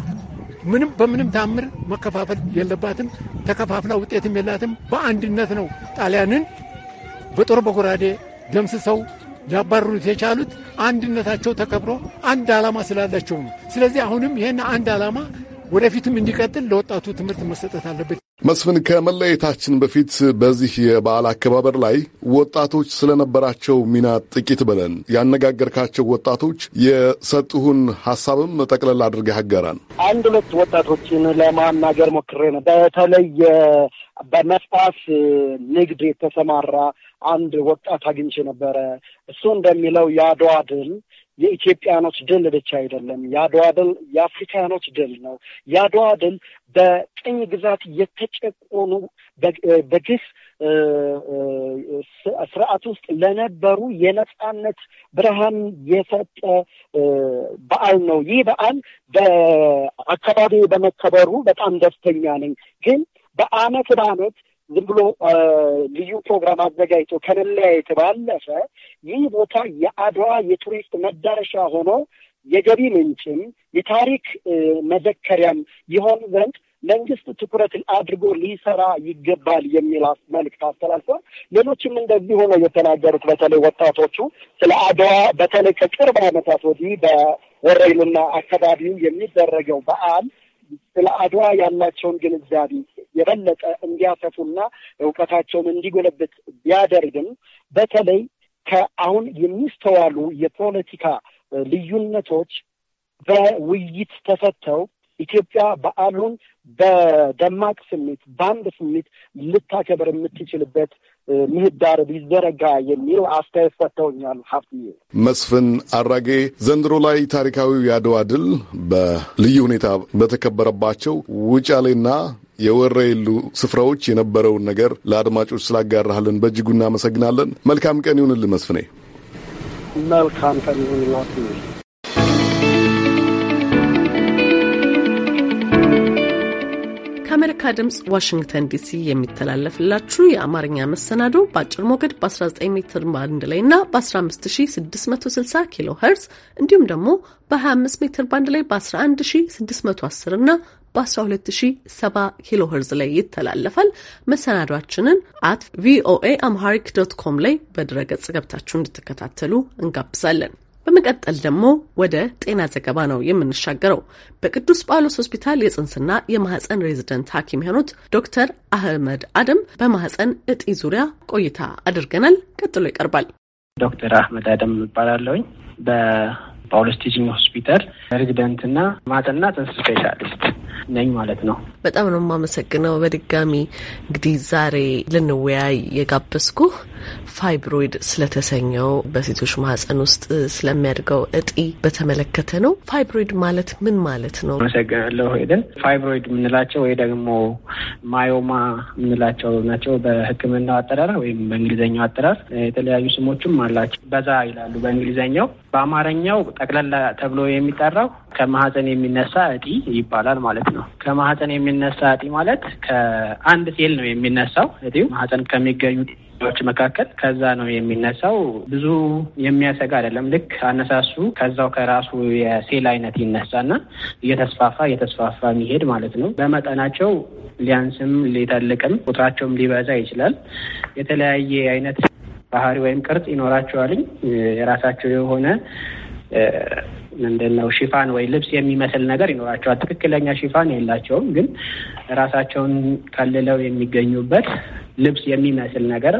D: ምንም በምንም ታምር መከፋፈል የለባትም። ተከፋፍላ ውጤትም የላትም። በአንድነት ነው ጣሊያንን በጦር በጎራዴ ደምስሰው ሊያባርሩት የቻሉት አንድነታቸው ተከብሮ አንድ ዓላማ ስላላቸው ነው። ስለዚህ አሁንም ይህን አንድ ዓላማ ወደፊትም እንዲቀጥል ለወጣቱ ትምህርት መሰጠት አለበት።
I: መስፍን፣ ከመለየታችን በፊት በዚህ የበዓል አከባበር ላይ ወጣቶች ስለነበራቸው ሚና ጥቂት በለን። ያነጋገርካቸው ወጣቶች የሰጡሁን ሀሳብም ጠቅለል አድርገህ አጋራን።
L: አንድ ሁለት ወጣቶችን ለማናገር ሞክሬ ነው። በተለይ በመስፋስ ንግድ የተሰማራ አንድ ወጣት አግኝቼ ነበረ። እሱ እንደሚለው የአድዋ ድል የኢትዮጵያኖች ድል ብቻ አይደለም። የአድዋ ድል የአፍሪካኖች ድል ነው። የአድዋ ድል በቅኝ ግዛት የተጨቆኑ በግፍ ስርዓት ውስጥ ለነበሩ የነፃነት ብርሃን የሰጠ በዓል ነው። ይህ በዓል በአካባቢ በመከበሩ በጣም ደስተኛ ነኝ። ግን በአመት በአመት ዝም ብሎ ልዩ ፕሮግራም አዘጋጅቶ ከመለያየት ባለፈ ይህ ቦታ የአድዋ የቱሪስት መዳረሻ ሆኖ የገቢ ምንጭም የታሪክ መዘከሪያም ይሆን ዘንድ መንግስት ትኩረት አድርጎ ሊሰራ ይገባል የሚል መልዕክት አስተላልፏል። ሌሎችም እንደዚህ ሆኖ የተናገሩት በተለይ ወጣቶቹ ስለ አድዋ በተለይ ከቅርብ ዓመታት ወዲህ በወረይሉና አካባቢው የሚደረገው በዓል ስለ አድዋ ያላቸውን ግንዛቤ የበለጠ እንዲያሰፉና እውቀታቸውን እንዲጎለብት ቢያደርግም በተለይ ከአሁን የሚስተዋሉ የፖለቲካ ልዩነቶች በውይይት ተፈተው ኢትዮጵያ በዓሉን በደማቅ ስሜት በአንድ ስሜት ልታከብር የምትችልበት ምህዳር ቢዘረጋ የሚል አስተያየት ሰጥተውኛል። ሀብትዬ
I: መስፍን አራጌ ዘንድሮ ላይ ታሪካዊው የአድዋ ድል በልዩ ሁኔታ በተከበረባቸው ውጫሌና የወረኢሉ ስፍራዎች የነበረውን ነገር ለአድማጮች ስላጋራህልን በእጅጉ እናመሰግናለን። መልካም ቀን ይሁንልህ መስፍኔ።
L: መልካም ቀን ይሁንላችሁ።
A: ከአሜሪካ ድምፅ ዋሽንግተን ዲሲ የሚተላለፍላችሁ የአማርኛ መሰናዶ በአጭር ሞገድ በ19 ሜትር ባንድ ላይ እና በ15660 ኪሎ ኸርዝ እንዲሁም ደግሞ በ25 ሜትር ባንድ ላይ በ11610 እና በ12070 ኪሎ ኸርዝ ላይ ይተላለፋል። መሰናዷችንን አት ቪኦኤ አምሃሪክ ዶት ኮም ላይ በድረገጽ ገብታችሁ እንድትከታተሉ እንጋብዛለን። በመቀጠል ደግሞ ወደ ጤና ዘገባ ነው የምንሻገረው። በቅዱስ ጳውሎስ ሆስፒታል የጽንስና የማህፀን ሬዚደንት ሐኪም የሆኑት ዶክተር አህመድ አደም በማህፀን እጢ ዙሪያ ቆይታ አድርገናል። ቀጥሎ ይቀርባል። ዶክተር አህመድ አደም እባላለሁኝ በጳውሎስ ቲችንግ ሆስፒታል ሬዚደንትና ማህፀንና ጽንስ ስፔሻሊስት ነኝ ማለት ነው። በጣም ነው የማመሰግነው። በድጋሚ እንግዲህ ዛሬ ልንወያይ የጋበዝኩ ፋይብሮይድ ስለተሰኘው በሴቶች ማህፀን ውስጥ ስለሚያድገው እጢ በተመለከተ ነው። ፋይብሮይድ ማለት ምን ማለት ነው? አመሰግናለሁ ሄደን።
K: ፋይብሮይድ የምንላቸው ወይ ደግሞ ማዮማ የምንላቸው ናቸው በሕክምናው አጠራር ወይም በእንግሊዝኛው አጠራር። የተለያዩ ስሞችም አላቸው በዛ ይላሉ በእንግሊዝኛው። በአማርኛው ጠቅላላ ተብሎ የሚጠራው ከማህፀን የሚነሳ እጢ ይባላል ማለት ማለት ነው። ከማህፀን የሚነሳ እጢ ማለት ከአንድ ሴል ነው የሚነሳው እጢው ማህፀን ከሚገኙ ዎች መካከል ከዛ ነው የሚነሳው። ብዙ የሚያሰጋ አይደለም። ልክ አነሳሱ ከዛው ከራሱ የሴል አይነት ይነሳና እየተስፋፋ እየተስፋፋ የሚሄድ ማለት ነው። በመጠናቸው ሊያንስም ሊጠልቅም ቁጥራቸውም ሊበዛ ይችላል። የተለያየ አይነት ባህሪ ወይም ቅርጽ ይኖራቸዋልኝ የራሳቸው የሆነ ምንድን ነው ሽፋን ወይ ልብስ የሚመስል ነገር ይኖራቸዋል። ትክክለኛ ሽፋን የላቸውም፣ ግን ራሳቸውን ከልለው የሚገኙበት ልብስ የሚመስል ነገር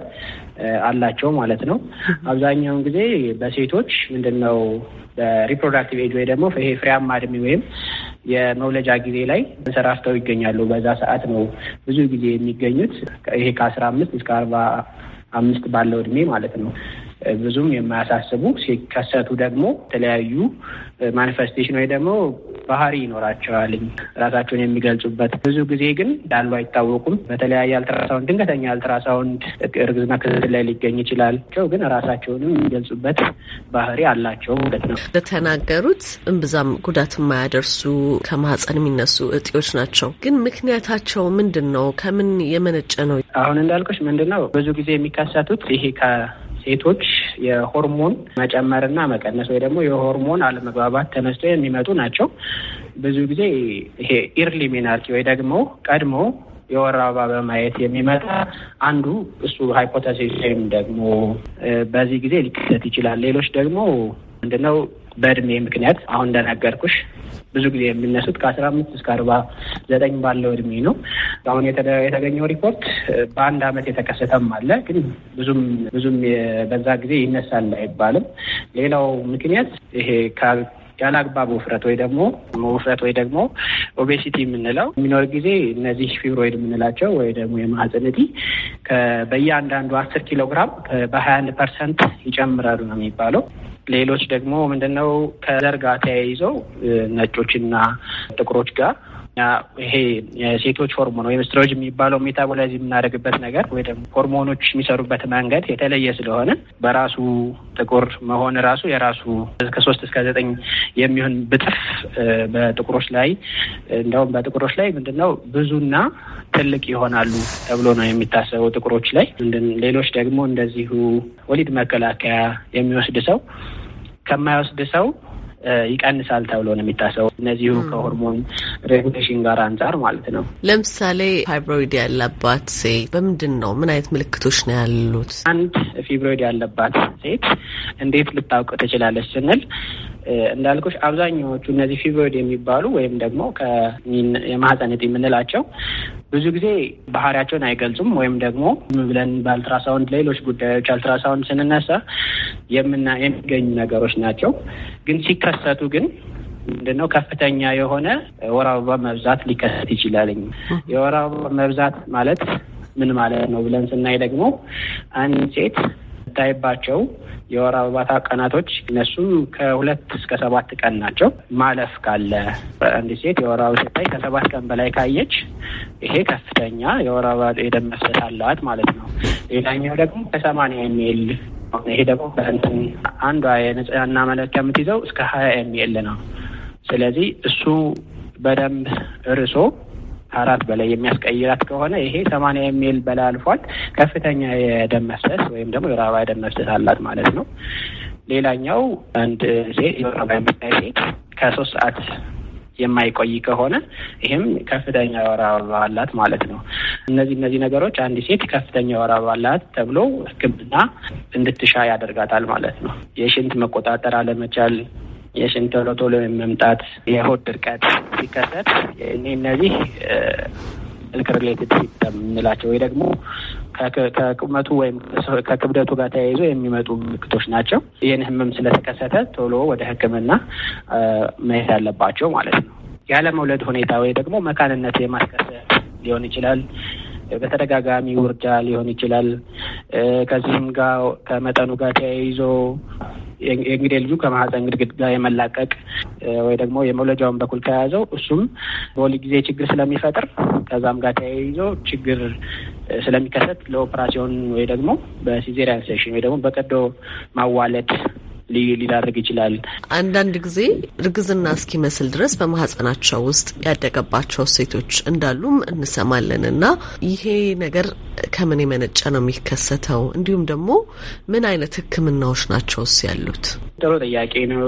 K: አላቸው ማለት ነው። አብዛኛውን ጊዜ በሴቶች ምንድን ነው በሪፕሮዳክቲቭ ኤጅ ወይ ደግሞ ይሄ ፍሬያማ እድሜ ወይም የመውለጃ ጊዜ ላይ ተንሰራፍተው ይገኛሉ። በዛ ሰዓት ነው ብዙ ጊዜ የሚገኙት ይሄ ከአስራ አምስት እስከ አርባ አምስት ባለው እድሜ ማለት ነው። ብዙም የማያሳስቡ ሲከሰቱ ደግሞ የተለያዩ ማኒፌስቴሽን ወይ ደግሞ ባህሪ ይኖራቸዋል ራሳቸውን የሚገልጹበት። ብዙ ጊዜ ግን እንዳሉ አይታወቁም። በተለያየ አልትራሳውንድ፣ ድንገተኛ አልትራሳውንድ እርግዝና ክትትል ላይ ሊገኝ ይችላል።
A: ግን ራሳቸውንም የሚገልጹበት ባህሪ አላቸው ማለት ነው። በተናገሩት እምብዛም ጉዳት የማያደርሱ ከማህፀን የሚነሱ እጢዎች ናቸው። ግን ምክንያታቸው ምንድን
K: ነው? ከምን የመነጨ ነው? አሁን እንዳልኩሽ ምንድን ነው ብዙ ጊዜ የሚከሰቱት ይሄ ሴቶች የሆርሞን መጨመርና መቀነስ ወይ ደግሞ የሆርሞን አለመግባባት ተነስቶ የሚመጡ ናቸው። ብዙ ጊዜ ይሄ ኢርሊ ሜናርኪ ወይ ደግሞ ቀድሞ የወር አበባ በማየት የሚመጣ አንዱ እሱ ሃይፖተሲስ ወይም ደግሞ በዚህ ጊዜ ሊከሰት ይችላል። ሌሎች ደግሞ ምንድነው በእድሜ ምክንያት አሁን እንደነገርኩሽ ብዙ ጊዜ የሚነሱት ከአስራ አምስት እስከ አርባ ዘጠኝ ባለው እድሜ ነው። አሁን የተገኘው ሪፖርት በአንድ አመት የተከሰተም አለ። ግን ብዙም ብዙም በዛ ጊዜ ይነሳል አይባልም። ሌላው ምክንያት ይሄ ያለ አግባብ ውፍረት ወይ ደግሞ ውፍረት ወይ ደግሞ ኦቤሲቲ የምንለው የሚኖር ጊዜ እነዚህ ፊብሮይድ የምንላቸው ወይ ደግሞ የማህፀን እጢ በእያንዳንዱ አስር ኪሎ ግራም በሀያ አንድ ፐርሰንት ይጨምራሉ ነው የሚባለው። ሌሎች ደግሞ ምንድነው ከዘር ጋር ተያይዘው ነጮችና ጥቁሮች ጋር ይሄ የሴቶች ሆርሞን ወይም ስትሮጅ የሚባለው ሜታቦላይዝ የምናደርግበት ነገር ወይ ደግሞ ሆርሞኖች የሚሰሩበት መንገድ የተለየ ስለሆነ በራሱ ጥቁር መሆን ራሱ የራሱ ከሶስት እስከ ዘጠኝ የሚሆን ብጥፍ በጥቁሮች ላይ እንደውም በጥቁሮች ላይ ነው ብዙና ትልቅ ይሆናሉ ተብሎ ነው የሚታሰበው ጥቁሮች ላይ። ሌሎች ደግሞ እንደዚሁ ወሊድ መከላከያ የሚወስድ ሰው ከማይወስድ ሰው ይቀንሳል ተብሎ ነው የሚታሰበው። እነዚሁ ከሆርሞን ሬጉሌሽን ጋር አንጻር ማለት ነው።
A: ለምሳሌ ፋይብሮይድ ያለባት ሴት በምንድን ነው ምን አይነት ምልክቶች ነው ያሉት?
K: አንድ ፊብሮይድ ያለባት ሴት እንዴት ልታውቅ ትችላለች ስንል እንዳልኩሽ አብዛኛዎቹ እነዚህ ፊቨርድ የሚባሉ ወይም ደግሞ የማህፀን እጢ የምንላቸው ብዙ ጊዜ ባህሪያቸውን አይገልጹም። ወይም ደግሞ ብለን በአልትራሳውንድ ሌሎች ጉዳዮች አልትራሳውንድ ስንነሳ የምና የሚገኙ ነገሮች ናቸው። ግን ሲከሰቱ ግን ምንድነው ከፍተኛ የሆነ የወር አበባ መብዛት ሊከሰት ይችላልኝ። የወር አበባ መብዛት ማለት ምን ማለት ነው ብለን ስናይ ደግሞ አንድ ሴት የምታይባቸው የወር አበባታ ቀናቶች እነሱም ከሁለት እስከ ሰባት ቀን ናቸው። ማለፍ ካለ አንዲት ሴት የወር አበባ ስታይ ከሰባት ቀን በላይ ካየች ይሄ ከፍተኛ የወር አበባ የደም መፍሰስ ማለት ነው። ሌላኛው ደግሞ ከሰማንያ የሚል ይሄ ደግሞ በእንትን አንዷ የንጽህና መለኪያ የምትይዘው እስከ ሀያ የሚል ነው። ስለዚህ እሱ በደንብ እርሶ አራት በላይ የሚያስቀይራት ከሆነ ይሄ ሰማንያ የሚል በላይ አልፏል። ከፍተኛ የደም መፍሰስ ወይም ደግሞ የወር የደም መፍሰስ አላት ማለት ነው። ሌላኛው አንድ ሴት የወር አበባ የምታይ ሴት ከሶስት ሰዓት የማይቆይ ከሆነ ይህም ከፍተኛ የወር አበባ አላት ማለት ነው። እነዚህ እነዚህ ነገሮች አንድ ሴት ከፍተኛ የወር አበባ አላት ተብሎ ሕክምና እንድትሻ ያደርጋታል ማለት ነው። የሽንት መቆጣጠር አለመቻል የሽንት ቶሎ ቶሎ መምጣት፣ የሆድ ድርቀት ሲከሰት እነዚህ ልክ ሪሌትድ ሲስተም የምንላቸው ወይ ደግሞ ከቁመቱ ወይም ከክብደቱ ጋር ተያይዞ የሚመጡ ምልክቶች ናቸው። ይህን ህመም ስለተከሰተ ቶሎ ወደ ሕክምና መሄድ አለባቸው ማለት ነው። ያለመውለድ ሁኔታ ወይ ደግሞ መካንነት የማስከሰት ሊሆን ይችላል። በተደጋጋሚ ውርጃ ሊሆን ይችላል። ከዚህም ጋር ከመጠኑ ጋር ተያይዞ እንግዲህ ልጁ ከማህፀን ግድግድ ጋር የመላቀቅ ወይ ደግሞ የመውለጃውን በኩል ከያዘው እሱም በወሊድ ጊዜ ችግር ስለሚፈጥር ከዛም ጋር ተያይዞ ችግር ስለሚከሰት ለኦፕራሲዮን ወይ ደግሞ በሲዜሪያን ሴሽን ወይ ደግሞ በቀዶ ማዋለድ ሊዳርግ ይችላል።
A: አንዳንድ ጊዜ እርግዝና እስኪመስል ድረስ በማህጸናቸው ውስጥ ያደገባቸው ሴቶች እንዳሉም እንሰማለን እና ይሄ ነገር ከምን የመነጨ ነው የሚከሰተው? እንዲሁም ደግሞ ምን አይነት ህክምናዎች ናቸውስ ያሉት?
K: ጥሩ ጥያቄ ነው።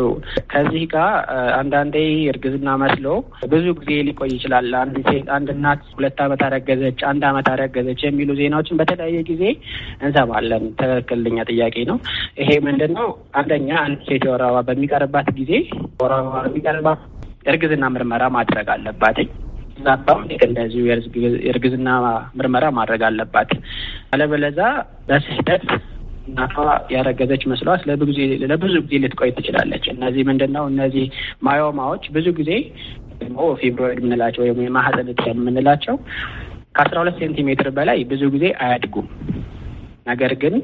K: ከዚህ ጋር አንዳንዴ እርግዝና መስሎ ብዙ ጊዜ ሊቆይ ይችላል። አንድ ሴት አንድ እናት ሁለት አመት አረገዘች፣ አንድ አመት አረገዘች የሚሉ ዜናዎችን በተለያየ ጊዜ እንሰማለን። ትክክለኛ ጥያቄ ነው። ይሄ ምንድን ነው? አንደኛ እኛ አንድ ሴት የወር አበባ በሚቀርባት ጊዜ ወር አበባ በሚቀርባት እርግዝና ምርመራ ማድረግ አለባትኝ ዛባም እናቷም እንደዚሁ የእርግዝና ምርመራ ማድረግ አለባት። አለበለዛ በስህተት እናቷ ያረገዘች መስሏት ለብዙ ጊዜ ልትቆይ ትችላለች። እነዚህ ምንድን ነው? እነዚህ ማዮማዎች ብዙ ጊዜ ደግሞ ፊብሮይድ የምንላቸው ወይም የማህፀን የምንላቸው ከአስራ ሁለት ሴንቲሜትር በላይ ብዙ ጊዜ አያድጉም። ነገር ግን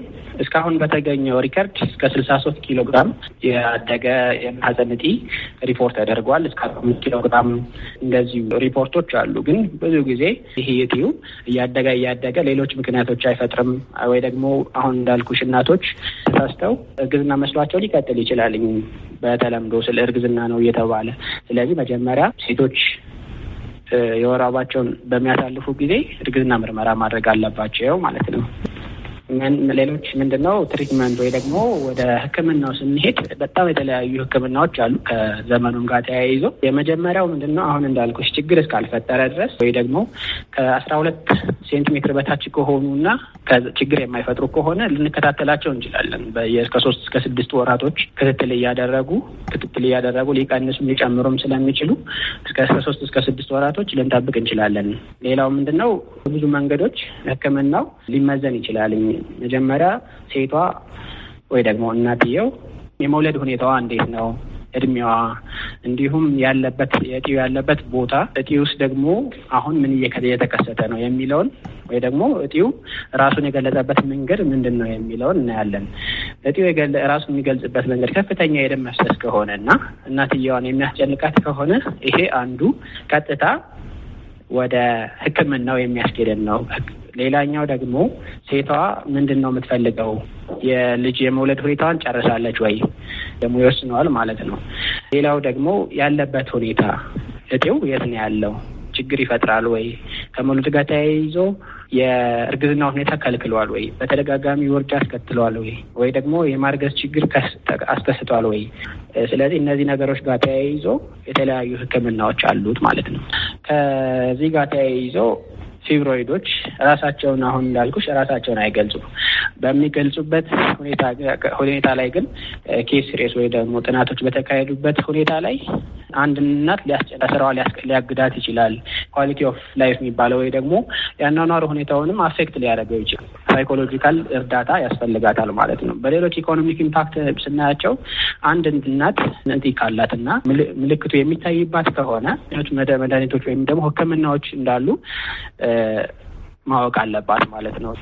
K: እስካሁን በተገኘው ሪከርድ እስከ ስልሳ ሶስት ኪሎ ግራም ያደገ የማህፀን እጢ ሪፖርት ተደርጓል። እስከ አርባ አምስት ኪሎ ግራም እንደዚሁ ሪፖርቶች አሉ። ግን ብዙ ጊዜ ይሄ እጢው እያደገ እያደገ ሌሎች ምክንያቶች አይፈጥርም ወይ ደግሞ አሁን እንዳልኩሽ እናቶች ተሳስተው እርግዝና መስሏቸው ሊቀጥል ይችላል። በተለምዶ ስለ እርግዝና ነው እየተባለ ስለዚህ መጀመሪያ ሴቶች የወር አበባቸውን በሚያሳልፉ ጊዜ እርግዝና ምርመራ ማድረግ አለባቸው ማለት ነው። ሌሎች ምንድነው ትሪትመንት ወይ ደግሞ ወደ ሕክምናው ስንሄድ በጣም የተለያዩ ሕክምናዎች አሉ ከዘመኑም ጋር ተያይዞ የመጀመሪያው ምንድነው አሁን እንዳልኩሽ ችግር እስካልፈጠረ ድረስ ወይ ደግሞ ከአስራ ሁለት ሴንቲሜትር በታች እና ችግር የማይፈጥሩ ከሆነ ልንከታተላቸው እንችላለን። ከሶስት ሶስት እስከ ስድስት ወራቶች ክትትል እያደረጉ ክትትል እያደረጉ ሊቀንሱም ሊጨምሩም ስለሚችሉ እስከ ሶስት እስከ ስድስት ወራቶች ልንጠብቅ እንችላለን። ሌላው ምንድነው ብዙ መንገዶች ሕክምናው ሊመዘን ይችላል። መጀመሪያ ሴቷ ወይ ደግሞ እናትየው የመውለድ ሁኔታዋ እንዴት ነው እድሜዋ እንዲሁም ያለበት የእጢው ያለበት ቦታ እጢ ውስጥ ደግሞ አሁን ምን እየተከሰተ ነው የሚለውን ወይ ደግሞ እጢው ራሱን የገለጸበት መንገድ ምንድን ነው የሚለውን እናያለን። እጢው ራሱን የሚገልጽበት መንገድ ከፍተኛ የደም መፍሰስ ከሆነ እና እናትየዋን የሚያስጨንቃት ከሆነ ይሄ አንዱ ቀጥታ ወደ ሕክምናው የሚያስኬደን ነው። ሌላኛው ደግሞ ሴቷ ምንድን ነው የምትፈልገው? የልጅ የመውለድ ሁኔታዋን ጨርሳለች ወይ ደግሞ ይወስነዋል ማለት ነው። ሌላው ደግሞ ያለበት ሁኔታ እጤው የት ነው ያለው? ችግር ይፈጥራል ወይ? ከመውለድ ጋር ተያይዞ የእርግዝና ሁኔታ ከልክሏል ወይ? በተደጋጋሚ ውርጃ አስከትሏል ወይ? ወይ ደግሞ የማርገዝ ችግር አስከስቷል ወይ? ስለዚህ እነዚህ ነገሮች ጋር ተያይዞ የተለያዩ ሕክምናዎች አሉት ማለት ነው። ከዚህ ጋር ተያይዞ ፊብሮይዶች ራሳቸውን አሁን እንዳልኩሽ ራሳቸውን አይገልጹም። በሚገልጹበት ሁኔታ ላይ ግን ኬስ ሬስ ወይ ደግሞ ጥናቶች በተካሄዱበት ሁኔታ ላይ አንድ እናት ሊያስጨላ ስራዋ ሊያግዳት ይችላል። ኳሊቲ ኦፍ ላይፍ የሚባለው ወይ ደግሞ የአኗኗር ሁኔታውንም አፌክት ሊያደርገው ይችላል። ሳይኮሎጂካል እርዳታ ያስፈልጋታል ማለት ነው። በሌሎች ኢኮኖሚክ ኢምፓክት ስናያቸው አንድ እናት ካላት ካላትና ምልክቱ የሚታይባት ከሆነ ሌሎች መድኃኒቶች ወይም ደግሞ ሕክምናዎች እንዳሉ
A: ማወቅ አለባት ማለት ነው።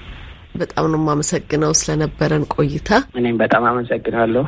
A: በጣም ነው የማመሰግነው ስለነበረን ቆይታ። እኔም በጣም አመሰግናለሁ።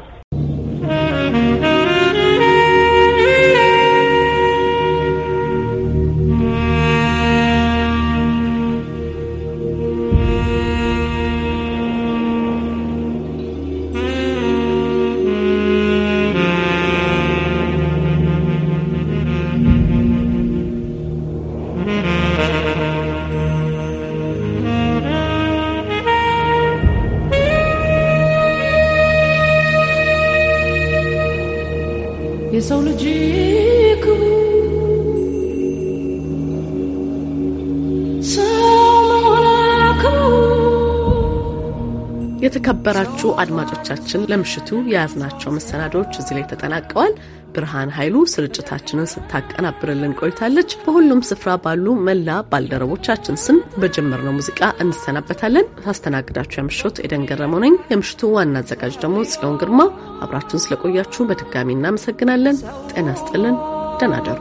A: የተከበራችሁ አድማጮቻችን ለምሽቱ የያዝናቸው መሰናዶዎች እዚህ ላይ ተጠናቀዋል። ብርሃን ኃይሉ ስርጭታችንን ስታቀናብርልን ቆይታለች። በሁሉም ስፍራ ባሉ መላ ባልደረቦቻችን ስም በጀመርነው ሙዚቃ እንሰናበታለን። ታስተናግዳችሁ የምሽት ኤደን ገረመነኝ ነኝ። የምሽቱ ዋና አዘጋጅ ደግሞ ጽዮን ግርማ። አብራችሁን ስለቆያችሁ በድጋሚ እናመሰግናለን። ጤና ስጥልን። ደህና ደሩ።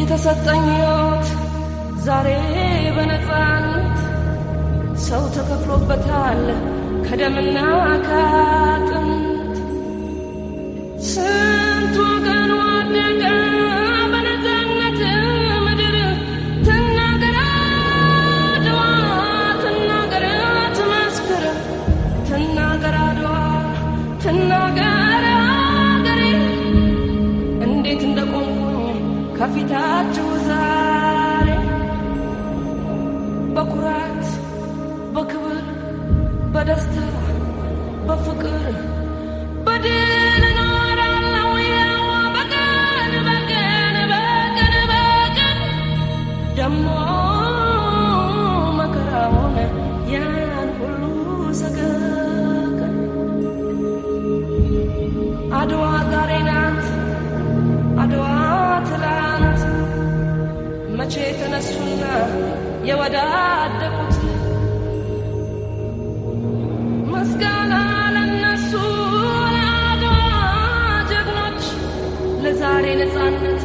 M: የተሰጠኝ ዛሬ በነፃነት ሰው ተከፍሎበታል ከደምና ከአጥንት ስንት ወገን ወደቀ በነፃነት ምድር ትናገረ ድዋ ትናገረ ትመስክር ትናገረ ድዋ ትናገረ ገሬ እንዴት እንደቆምኩኝ ከፊታችሁ በደስታ በፍቅር በድል እኖራለሁ ያው በቀን በቀን በቀን በቀን ደሞ መከራውን ያን ሁሉ ሰቀቀን ናት አድዋ ትላንት መቼ ተነሱና የወዳደቁ ምስጋና ለነሱ ለአድዋ ጀግኖች፣ ለዛሬ ነፃነት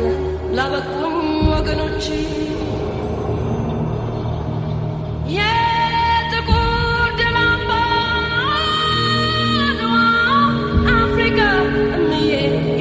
M: ላበቁም